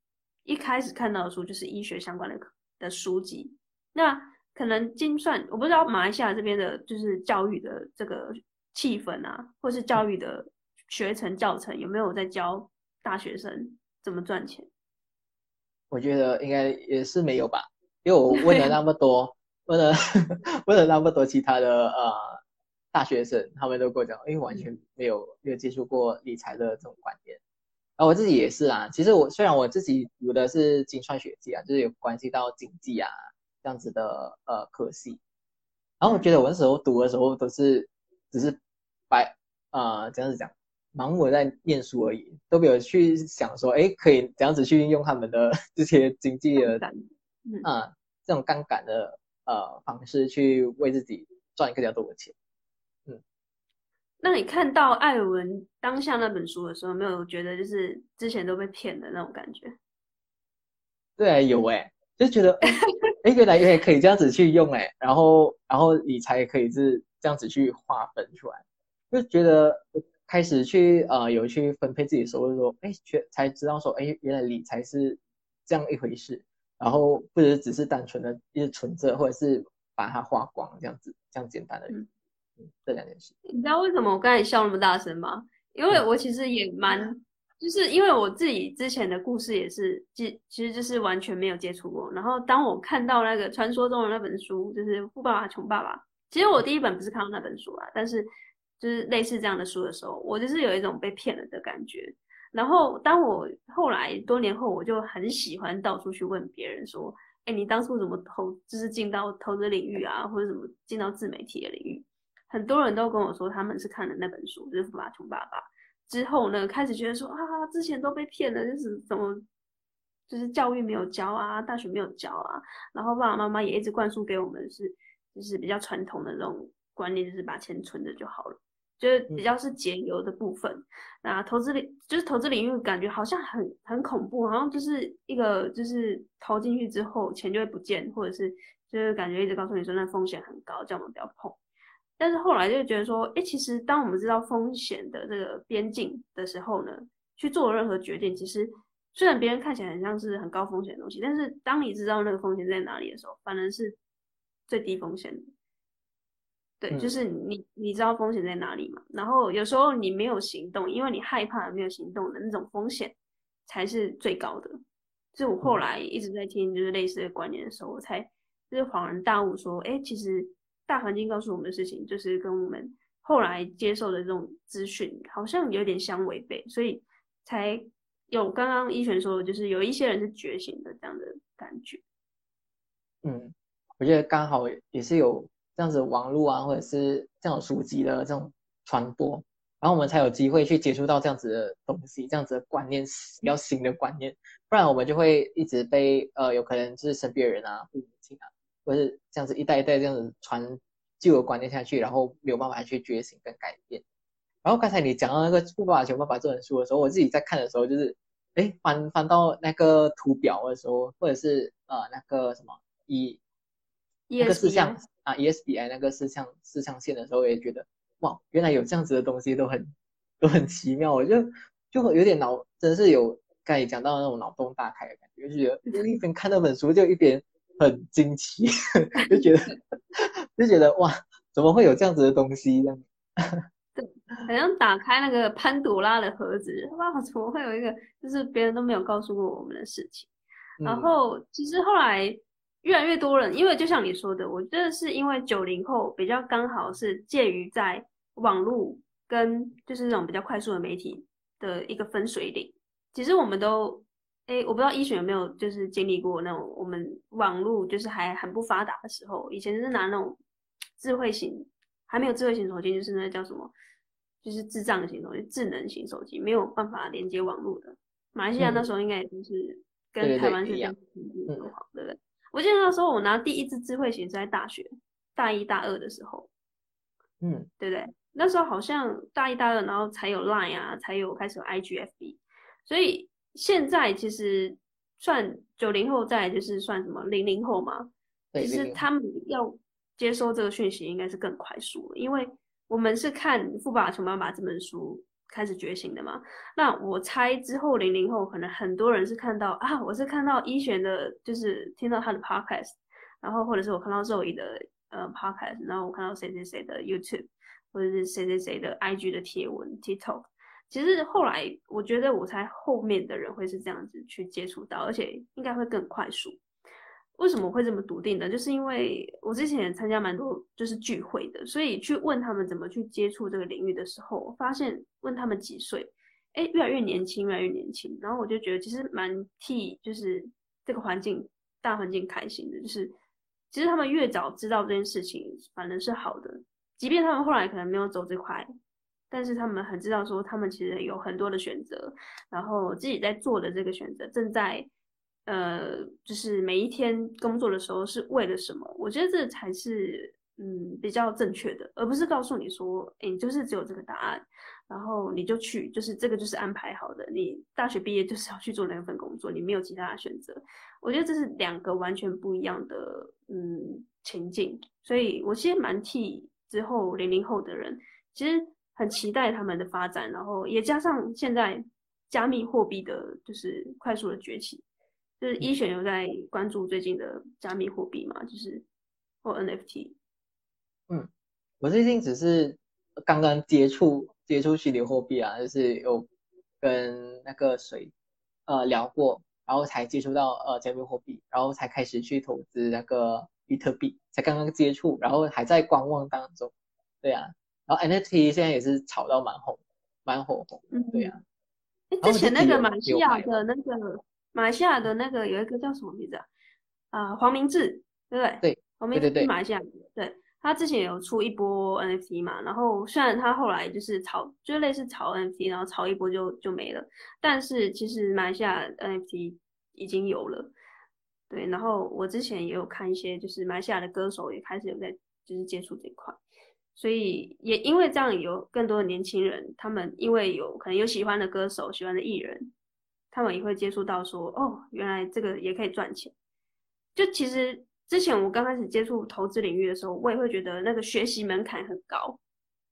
一開始看到的書就是醫學相關的的書籍。那可能精算，我不知道馬來西亞這邊的就是教育的這個氣氛啊，或是教育的學程教程有沒有在教大學生怎麼賺錢？我覺得應該也是沒有吧，因為我問了那麼多， 問了問了那麼多其他的啊。呃大學生他們都跟我講，因為、欸、完全沒有沒有接觸過理財的這種觀念，啊，我自己也是啊。其實我雖然我自己讀的是金管學系啊，就是有關係到經濟啊這樣子的呃科系，然後我覺得我那時候讀的時候都是只是白啊、呃、這樣子講，盲目的在念書而已，都沒有去想說，哎、欸，可以這樣子去運用他們的這些經濟的啊、呃、這種槓桿的呃方式去為自己賺一個比較多的錢。那你看到艾文當下那本書的時候，有沒有覺得就是之前都被騙的那種感覺？對，有誒、欸，就覺得哎、 欸，原來也可以這樣子去用誒、欸。然後然後理財也可以是這樣子去劃分出來，就覺得開始去呃有去分配自己的收入，說哎才才知道說哎、欸、原來理財是這樣一回事，然後不只只是單純的一、就是存着或者是把它花光這樣子這樣簡單的。嗯這兩件事，你知道為什麼我剛才笑那麼大聲嗎？因為我其實也蠻，就是因為我自己之前的故事也是，其其實就是完全沒有接觸過。然後當我看到那個傳說中的那本書，就是《富爸爸窮爸爸》，其實我第一本不是看到那本書啊，但是就是類似這樣的書的時候，我就是有一種被騙了的感覺。然後當我後來多年後，我就很喜歡到處去問別人說，哎，你當初怎麼投，就是進到投資領域啊，或者怎麼進到自媒體的領域。很多人都跟我說，他們是看了那本書，就是《富爸爸窮爸爸》之後呢，開始覺得說啊，之前都被騙了，就是怎麼，就是教育沒有教啊，大學沒有教啊，然後爸爸媽媽也一直灌輸給我們是，就是比較傳統的這種觀念，就是把錢存着就好了，就是比較是節油的部分。嗯、那投資領就是投資領域，感覺好像很很恐怖，好像就是一個就是投進去之後錢就會不見，或者是就是感覺一直告訴你說那風險很高，叫我們不要碰。但是後來就覺得說，哎，其實當我們知道風險的這個邊境的時候呢，去做任何決定，其實雖然別人看起來很像是很高風險的東西，但是當你知道那個風險在哪裡的時候，反而是最低風險的。對，就是你你知道風險在哪裡嘛，然後有時候你沒有行動，因為你害怕沒有行動的那種風險才是最高的。所以我後來一直在聽就是類似的觀念的時候，我才就是恍然大悟說，哎，其實。大環境告訴我們的事情，就是跟我們後來接受的這種資訊，好像有點相違背，所以才有剛剛一弦說，就是有一些人是覺醒的這樣的感覺。嗯，我覺得剛好也是有這樣子的網絡啊，或者是這樣書籍的這種傳播，然後我們才有機會去接觸到這樣子的東西，這樣子的觀念，比較新的觀念，不然我們就會一直被呃，有可能就是身邊的人啊、父母親啊。不是這樣子一代一代這樣子傳舊的觀念下去，然後沒有辦法去覺醒跟改變。然後剛才你講到那個《富爸爸窮爸爸》這本書的時候，我自己在看的時候，就是哎翻翻到那個圖表的時候，或者是呃那個什麼一，e, PN 那個四象啊 ESBI 那個四象四象限的時候，我也覺得哇，原來有這樣子的東西，都很都很奇妙。我就就有點腦，真是有剛才講到那種腦洞大開的感覺，就覺得一邊看那本書就一邊。嗯很驚奇， 就覺得就覺得哇，怎麼會有這樣子的東西呢？這樣，好像打開那個潘朵拉的盒子，哇，怎麼會有一個就是別人都沒有告訴過我們的事情？然後、嗯、其實後來越來越多人，因為就像你說的，我覺得是因為九零後比較剛好是介於在網絡跟就是那種比較快速的媒體的一個分水嶺。其實我們都。欸、我不知道一弦有沒有就是經歷過那種我們網絡就是還很不發達的時候，以前是拿那種智慧型，還沒有智慧型手機，就是那叫什麼，就是智障型手機，智能型手機沒有辦法連接網絡的。馬來西亞那時候應該也就是跟台灣一樣，嗯對、對、對，嗯、對不對？我記得那時候我拿第一支智慧型是在大學大一大二的時候，嗯，對不對？那時候好像大一大二，然後才有 Line 啊，才有開始有 IGFB，所以。現在其實算九零後在，就是算什麼零零後嘛？對，零零後其實他們要接收這個訊息，應該是更快速，因為我們是看父母《富爸爸窮爸爸》母母這本書開始覺醒的嘛。那我猜之後零零後可能很多人是看到啊，我是看到一弦的，就是聽到他的 podcast，然後或者是我看到 Zoe 的呃 podcast，然後我看到誰誰誰的 YouTube，或者是誰誰誰的 IG 的貼文、TikTok。其實後來，我覺得我猜後面的人會是這樣子去接觸到，而且應該會更快速。為什麼會這麼篤定呢？就是因為我之前也參加蠻多就是聚會的，所以去問他們怎麼去接觸這個領域的時候，我發現問他們幾歲誒，越來越年輕，越來越年輕。然後我就覺得其實蠻替就是這個環境大環境開心的，就是其實他們越早知道這件事情，反正是好的，即便他們後來可能沒有走這塊。但是他們很知道說，他們其實有很多的選擇，然後自己在做的這個選擇，正在呃，就是每一天工作的時候是為了什麼？我覺得這才是嗯比較正確的，而不是告訴你說，誒、欸，你就是只有這個答案，然後你就去，就是這個就是安排好的，你大學畢業就是要去做那份工作，你沒有其他的選擇。我覺得這是兩個完全不一樣的嗯情境，所以我其實蠻替之後零零後的人，其實。很期待他們的發展，然後也加上現在加密貨幣的就是快速的崛起，就是一弦有在關注最近的加密貨幣嘛，就是或 NFT。嗯，我最近只是剛剛接觸接觸虛擬貨幣啊，就是有跟那個誰呃聊過，然後才接觸到呃加密貨幣，然後才開始去投資那個比特幣，才剛剛接觸，然後還在觀望當中。對啊。然後 NFT 現在也是炒到蠻紅，蠻火紅。嗯，對呀、啊。哎，之前那個馬來西亞的那個馬來西亞的那個有一個叫什麼名字啊？啊，黃明志，對不對？對，黃明志是馬來西亞的。對，對，對，對，他之前有出一波 NFT 嘛，然後雖然他後來就是炒，就類似炒 NFT，然後炒一波就就沒了。但是其實馬來西亞 NFT 已經有了，對。然後我之前也有看一些，就是馬來西亞的歌手也開始有在就是接觸這一塊。所以也因為這樣，有更多的年輕人，他們因為有可能有喜歡的歌手、喜歡的藝人，他們也會接觸到說，哦，原來這個也可以賺錢。就其實之前我剛開始接觸投資領域的時候，我也會覺得那個學習門檻很高，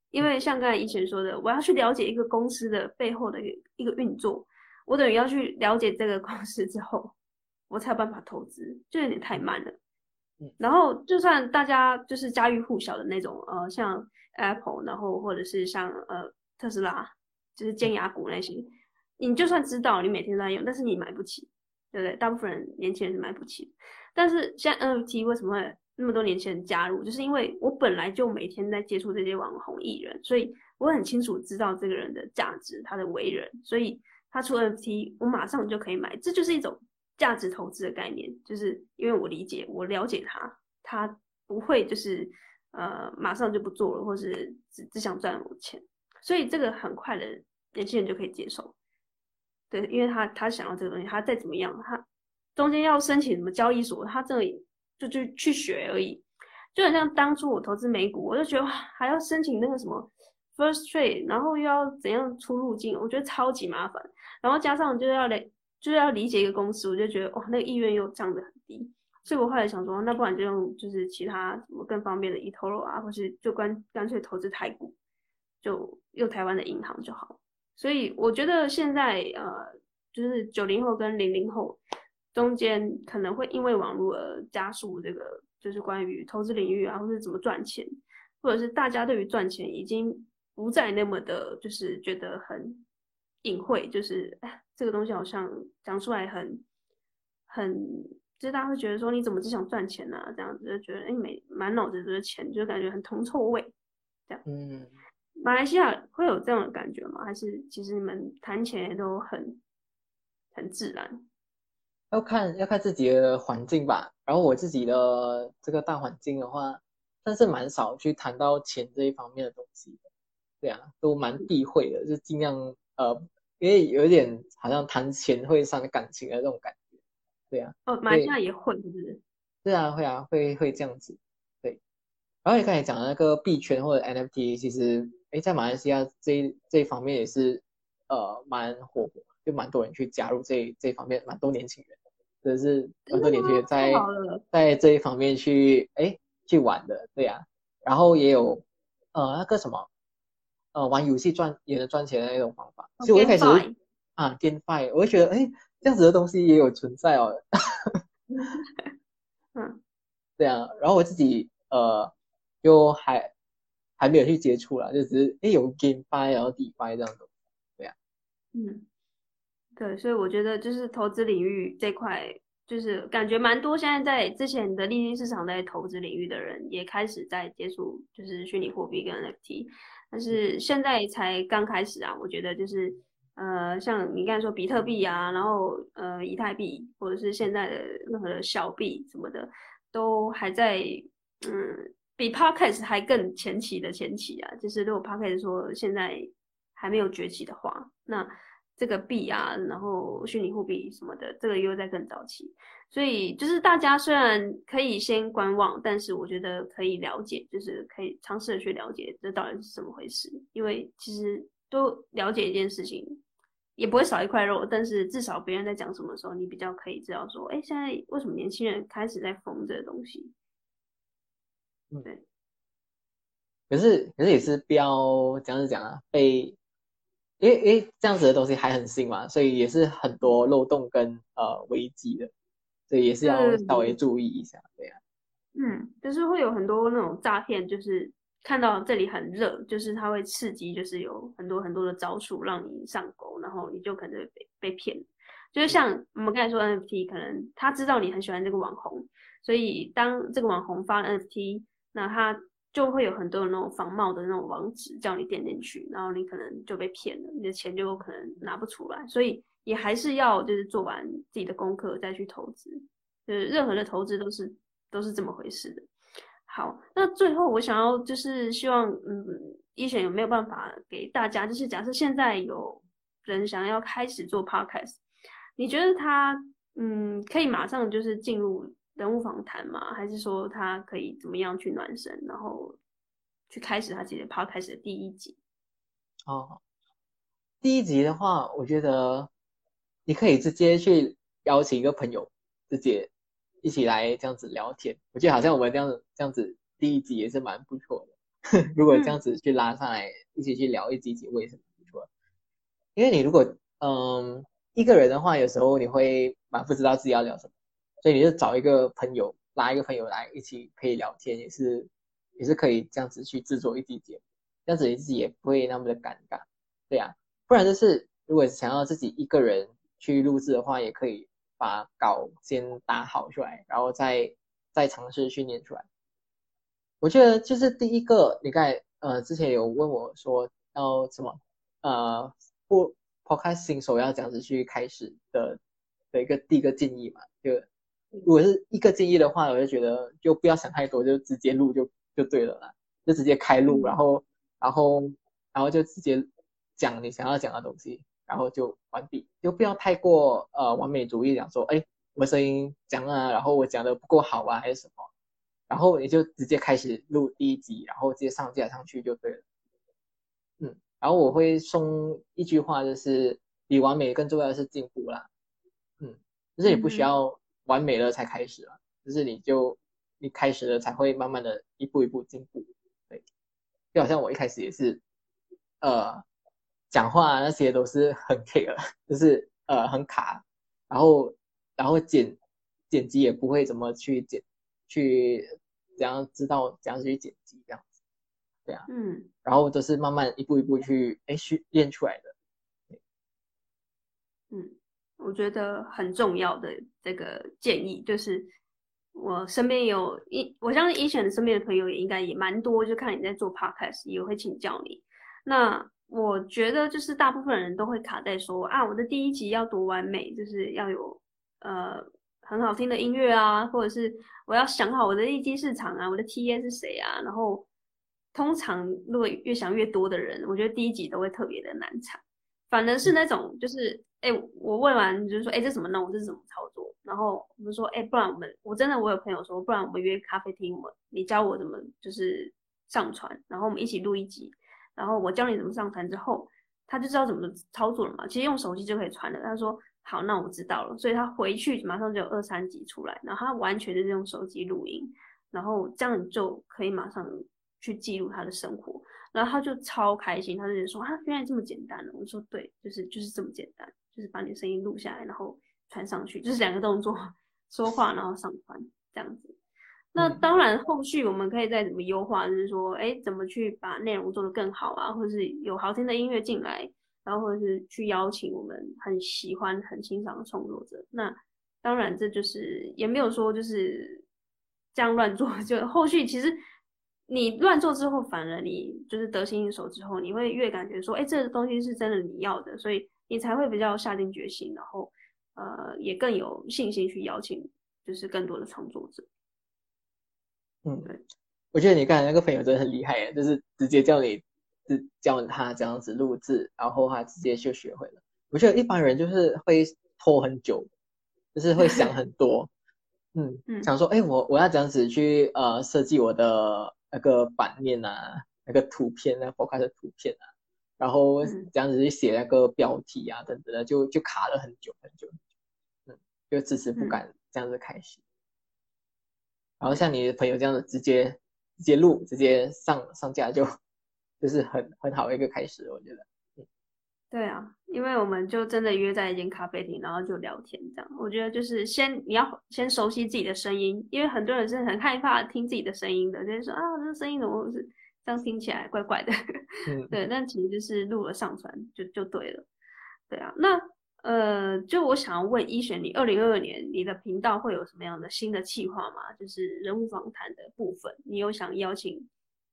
因為像剛才一弦說的，我要去了解一個公司的背後的一個運作，我等於要去了解這個公司之後，我才有辦法投資，就有點太慢了。然後就算大家就是家喻戶曉的那種，呃，像 Apple，然後或者是像呃特斯拉，就是尖牙股那些，你就算知道你每天都在用，但是你買不起，對不對？大部分人年輕人是買不起。但是像 NFT 為什麼會那麼多年輕人加入，就是因為我本來就每天在接觸這些網紅藝人，所以我很清楚知道這個人的價值、他的為人，所以他出 NFT，我馬上就可以買，這就是一種。價值投資的概念，就是因為我理解，我了解他，他不會就是呃馬上就不做了，或是只只想賺我錢，所以這個很快的年輕人就可以接受。對，因為他他想要這個東西，他再怎麼樣，他中間要申請什麼交易所，他這裡就就去學而已。就很像當初我投資美股，我就覺得還要申請那個什麼 first trade，然後又要怎樣出入境，我覺得超級麻煩，然後加上就要來。就是要理解一個公司，我就覺得哇，那個意願又降得很低，所以我後來想說，那不然就用就是其他什麼更方便的 eToro 啊，或是就乾乾脆投資台股，就用台灣的銀行就好，所以我覺得現在呃，就是九零後跟零零後中間可能會因為網絡而加速這個，就是關於投資領域啊，或者是怎麼賺錢，或者是大家對於賺錢已經不再那麼的，就是覺得很隱晦，就是。這個東西好像講出來很很，就是大家會覺得說你怎麼只想賺錢呢？啊，這樣子就覺得哎，每滿腦子都是錢，就感覺很銅臭味。這樣，嗯，馬來西亞會有這樣的感覺嗎？還是其實你們談錢都很很自然？要看要看自己的環境吧。然後我自己的這個大環境的話，算是蠻少去談到錢這一方面的東西的。對啊，都蠻避諱的，嗯、就盡量呃。因為有點好像談錢會傷感情的那種感覺，對啊。哦，馬來西亞也會，是不是？對啊，會啊，會會這樣子。對。然後你剛才講的那個幣圈或者 NFT，其實哎，在馬來西亞這這方面也是呃蠻火火，就蠻多人去加入這這方面，蠻多年輕人，就是蠻多年輕人在在這一方面去哎去玩的，對呀、啊。然後也有、嗯、呃那個什麼。呃，玩遊戲賺也能賺錢的那種方法。Oh, 所以，我一開始啊，GameFi，我會覺得，哎 Game by.、啊欸，這樣子的東西也有存在哦。 嗯，對啊。然後我自己呃，又還還沒有去接觸啦，就只是哎、欸、有 GameFi，然後 DeFi 這樣子。對啊。嗯，對，所以我覺得就是投資領域這塊，就是感覺蠻多。現在在之前的利率市場，在投資領域的人也開始在接觸，就是虛擬貨幣跟 NFT。但是現在才剛開始啊，我覺得就是，呃，像你剛才說比特幣啊，然後呃，以太幣或者是現在的任何的小幣什麼的，都還在，嗯，比 podcast 還更前期的前期啊，就是如果 podcast 說現在還沒有崛起的話，那。這個幣啊，然後虛擬貨幣什麼的，這個又在更早期，所以就是大家雖然可以先觀望，但是我覺得可以了解，就是可以嘗試的去了解這到底是怎麼回事。因為其實多了解一件事情，也不會少一塊肉，但是至少別人在講什麼時候，你比較可以知道說，哎，現在為什麼年輕人開始在瘋這個東西？嗯、對。可是，可是也是比較這樣子講啊，被。因為誒，這樣子的東西還很新嘛，所以也是很多漏洞跟呃危機的，所以也是要稍微注意一下，嗯、對啊。嗯，就是會有很多那種詐騙，就是看到這裡很熱，就是它會刺激，就是有很多很多的招數讓你上鈎，然後你就可能就會被被騙。就是像我們剛才說 NFT，可能他知道你很喜歡這個網紅，所以當這個網紅發 NFT，那他。就會有很多的那種仿冒的那種網址叫你點進去，然後你可能就被騙了，你的錢就可能拿不出來。所以也還是要就是做完自己的功課再去投資，就是任何的投資都是都是這麼回事的。好，那最後我想要就是希望，嗯，一弦有沒有辦法給大家，就是假設現在有人想要開始做 podcast，你覺得他嗯可以馬上就是進入？人物訪談嘛，還是說他可以怎麼樣去暖身，然後去開始他其實拋開始的第一集。哦，第一集的話，我覺得你可以直接去邀請一個朋友，直接一起來這樣子聊天。我覺得好像我們這樣子這樣子第一集也是蠻不錯的。 如果這樣子去拉上來、嗯、一起去聊一集節目什麼？不錯。因為你如果嗯一個人的話，有時候你會蠻不知道自己要聊什麼。所以你就找一個朋友，拉一個朋友來一起可以聊天，也是，也是可以這樣子去制作一集節目，這樣子你自己也不會那麼的尷尬，對呀、啊。不然就是，如果想要自己一個人去錄制的話，也可以把稿先打好出來，然後再再嘗試訓練出來。我覺得就是第一個，你看，呃之前有問我說要什麼，呃不，podcasting 新手要這樣子去開始的的一個第一個建議嘛，就。如果是一個建議的話，我就覺得就不要想太多，就直接錄就就對了啦，就直接開錄，然後然後然後就直接講你想要講的東西，然後就完畢，就不要太過呃完美主義，講說哎我聲音講啊，然後我講的不夠好啊還是什麼，然後你就直接開始錄第一集，然後直接上架上去就對了。嗯，然後我會送一句話，就是比完美更重要的是進步啦。嗯，就是也不需要。完美了才開始了，就是你就你開始了才會慢慢的一步一步進步，對，就好像我一開始也是，呃，講話那些都是很 K 的，就是呃很卡，然後然後剪剪輯也不會怎麼去剪，去怎樣知道怎樣去剪輯這樣子，對啊，嗯，然後都是慢慢一步一步去哎去練出來的，對，嗯。我覺得很重要的這個建議就是，我身邊有一，我相信一弦的身邊的朋友也應該也蠻多，就看你在做 podcast 也會請教你。那我覺得就是大部分人都會卡在說啊，我的第一集要多完美，就是要有呃很好聽的音樂啊，或者是我要想好我的利基市場啊，我的 TA 是誰啊，然後通常如果越想越多的人，我覺得第一集都會特別的難產。反而是那種就是。哎、欸，我問完就是說，哎、欸，這怎麼弄？我這是怎麼操作？然後我就說，哎、欸，不然我們，我真的我有朋友說，不然我們約咖啡廳，我你教我怎麼就是上傳，然後我們一起錄一集，然後我教你怎麼上傳之後，他就知道怎麼操作了嘛。其實用手機就可以傳的。他說好，那我知道了。所以他回去馬上就有二三集出來，然後他完全就是用手機錄音，然後這樣你就可以馬上。去記錄他的生活，然後他就超開心，他就說啊，原來這麼簡單了。我說對，就是就是這麼簡單，就是把你的聲音錄下來，然後傳上去，就是兩個動作，說話然後上傳這樣子。那當然，後續我們可以再怎麼優化，就是說，哎，怎麼去把內容做得更好啊，或者是有好聽的音樂進來，然後或者是去邀請我們很喜歡、很欣賞的創作者。那當然，這就是也沒有說就是這樣亂做，就後續其實。你亂做之後，反而你就是得心應手之後，你會越感覺說，哎、欸，這個東西是真的你要的，所以你才會比較下定決心，然後，呃，也更有信心去邀請，就是更多的創作者。嗯，對。我覺得你剛才那個朋友真的很厲害耶，就是直接叫你，叫他這樣子錄製，然後他直接就學會了。我覺得一般人就是會拖很久，就是會想很多，嗯 嗯，想說，哎、欸，我我要這樣子去，呃，設計我的。那個版面啊，那個圖片啊，focus 圖片啊，然後這樣子去寫那個標題啊，等等的，嗯、就就卡了很久，很久很久，嗯，就遲遲不敢這樣子開始。嗯、然後像你的朋友這樣子，直接直接錄，直接上上架就，就是很很好的一個開始，我覺得，嗯，對啊。因為我們就真的約在一間咖啡廳，然後就聊天這樣。我覺得就是先你要先熟悉自己的聲音，因為很多人是很害怕聽自己的聲音的，就是說啊，這聲音怎麼是這樣聽起來怪怪的。嗯、 對，但其實就是錄了上傳就就對了。對啊，那呃，就我想要問一弦你，二零二二年你的頻道會有什麼樣的新的計劃嗎？就是人物訪談的部分，你有想邀請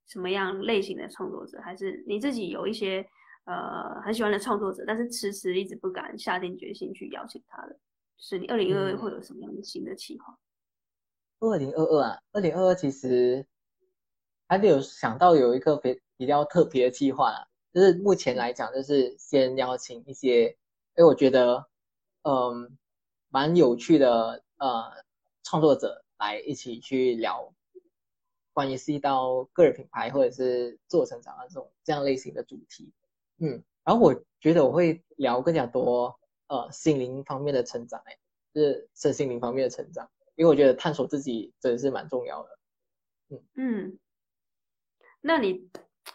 什麼樣類型的創作者，還是你自己有一些？呃，uh, 很喜歡的創作者，但是遲遲一直不敢下定決心去邀請他的，就是你二零二二會有什麼樣的新的計劃？二零二二啊，二零二二其實還沒有想到有一個比比較特別的計劃啊，就是目前來講，就是先邀請一些，因為我覺得，嗯，蠻有趣的呃、嗯、創作者來一起去聊，關於是一道個人品牌或者是做成長的這種這樣類型的主題。嗯，然後我覺得我會聊更加多，呃，心靈方面的成長，欸，就是身心靈方面的成長，因為我覺得探索自己真的是蠻重要的。嗯嗯，那你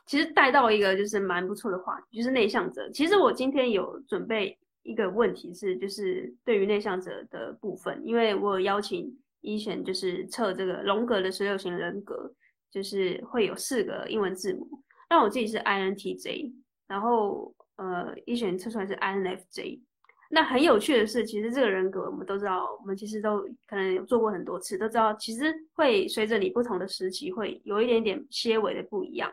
其實帶到一個就是蠻不錯的話就是內向者。其實我今天有準備一個問題是，是就是對於內向者的部分，因為我有邀請一弦，就是測這個榮格的16型人格，就是會有四個英文字母，那我自己是 INTJ。然後，呃，一弦測出來是 INFJ。那很有趣的是，其實這個人格我們都知道，我們其實都可能有做過很多次，都知道其實會隨着你不同的時期會有一點點些微的不一樣。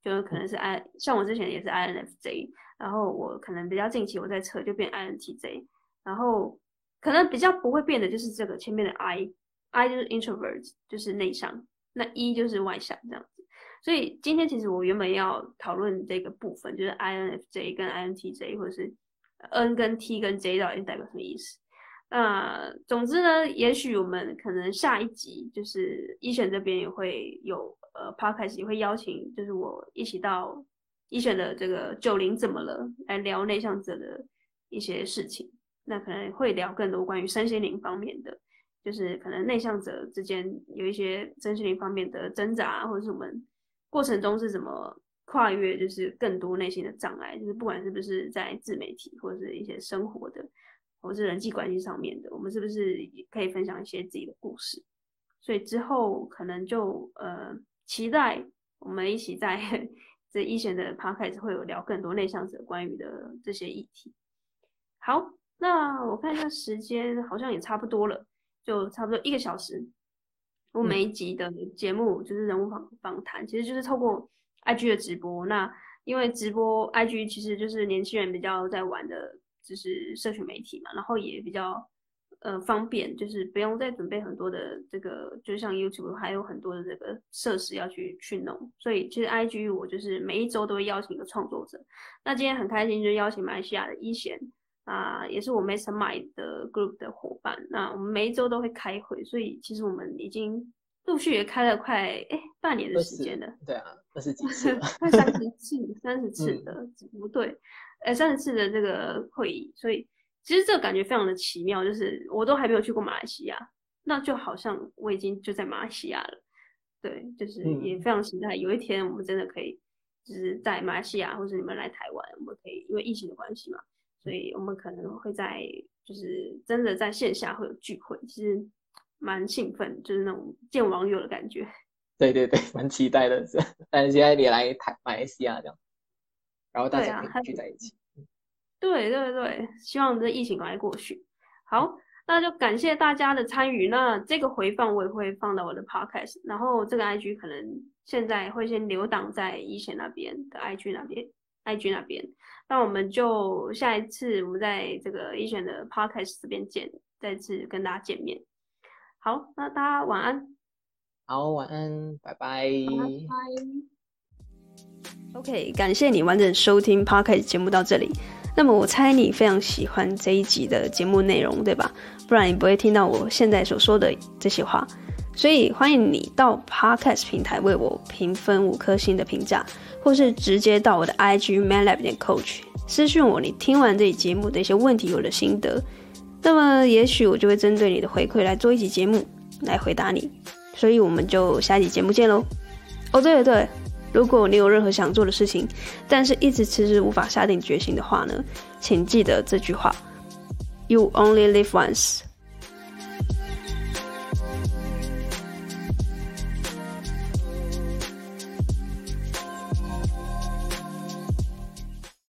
就可能是 I，像我之前也是 INFJ，然後我可能比較近期我在測就變 INTJ，然後可能比較不會變的就是這個前面的 I，I 就是 introvert，就是內向，那 E 就是外向這樣子。所以今天其實我原本要討論這個部分，就是 INFJ 跟 INTJ 或者是 N 跟 T 跟 J 到底是代表什麼意思？那、呃、總之呢，也許我們可能下一集就是一弦這邊也會有呃 podcast 也會邀請，就是我一起到一弦的這個九零怎麼了來聊內向者的一些事情。那可能會聊更多關於身心靈方面的，就是可能內向者之間有一些身心靈方面的掙扎或者是我們。過程中是怎麼跨越，就是更多內心的障礙，就是不管是不是在自媒體或者是一些生活的，或是人際關係上面的，我們是不是也可以分享一些自己的故事？所以之後可能就呃期待我們一起在這一弦的 podcast 會有聊更多內向者關於的這些議題。好，那我看一下時間，好像也差不多了，就差不多一個小時。我每一集的節目就是人物訪訪談，嗯、其實就是透過 IG 的直播。那因為直播 IG 其實就是年輕人比較在玩的，就是社群媒體嘛，然後也比較呃方便，就是不用再準備很多的這個，就像 YouTube 還有很多的這個設施要去去弄。所以其實 IG 我就是每一周都會邀請一個創作者。那今天很開心，就是邀請馬來西亞的一弦。啊、呃，也是我們成買的 group 的夥伴。那我們每一周都會開會，所以其實我們已經陸續也開了快哎、欸、半年的時間了。20, 對啊，二十幾次？ 快三十次，三十次的、嗯、不對，哎、欸，三十次的這個會議。所以其實這個感覺非常的奇妙，就是我都還沒有去過馬來西亞，那就好像我已經就在馬來西亞了。對，就是也非常期待。嗯、有一天我們真的可以，就是在馬來西亞，或者你們來台灣，我們可以因為疫情的關係嘛。所以我們可能會在，就是真的在線下會有聚會，其實蠻興奮，就是那種見網友的感覺。對對對，蠻期待的。是，但是現在你來台馬來西亞這樣，然後大家可以聚在一起。對，啊、對對對，希望這疫情趕快過去。好，嗯、那就感謝大家的參與。那這個回放我也會放到我的 Podcast，然後這個 IG 可能現在會先留檔在一弦那邊的 IG 那邊。IG 那邊，那我們就下一次我們在這個一弦的 Podcast 這邊見，再次跟大家見面。好，那大家晚安。好，晚安，拜拜，拜拜。OK，感謝你完整收聽 Podcast 節目到這裡。那麼我猜你非常喜歡這一集的節目內容，對吧？不然你不會聽到我現在所說的這些話。所以歡迎你到 Podcast 平台為我評分五顆星的評價。或是直接到我的 IG manlab 點 coach 私信我，你聽完這期節目的一些問題有的心得，那麼也許我就會針對你的回饋來做一集節目來回答你。所以我們就下一集節目見嘍。哦、oh, 對對，如果你有任何想做的事情，但是一直遲遲無法下定決心的話呢，請記得這句話：You only live once。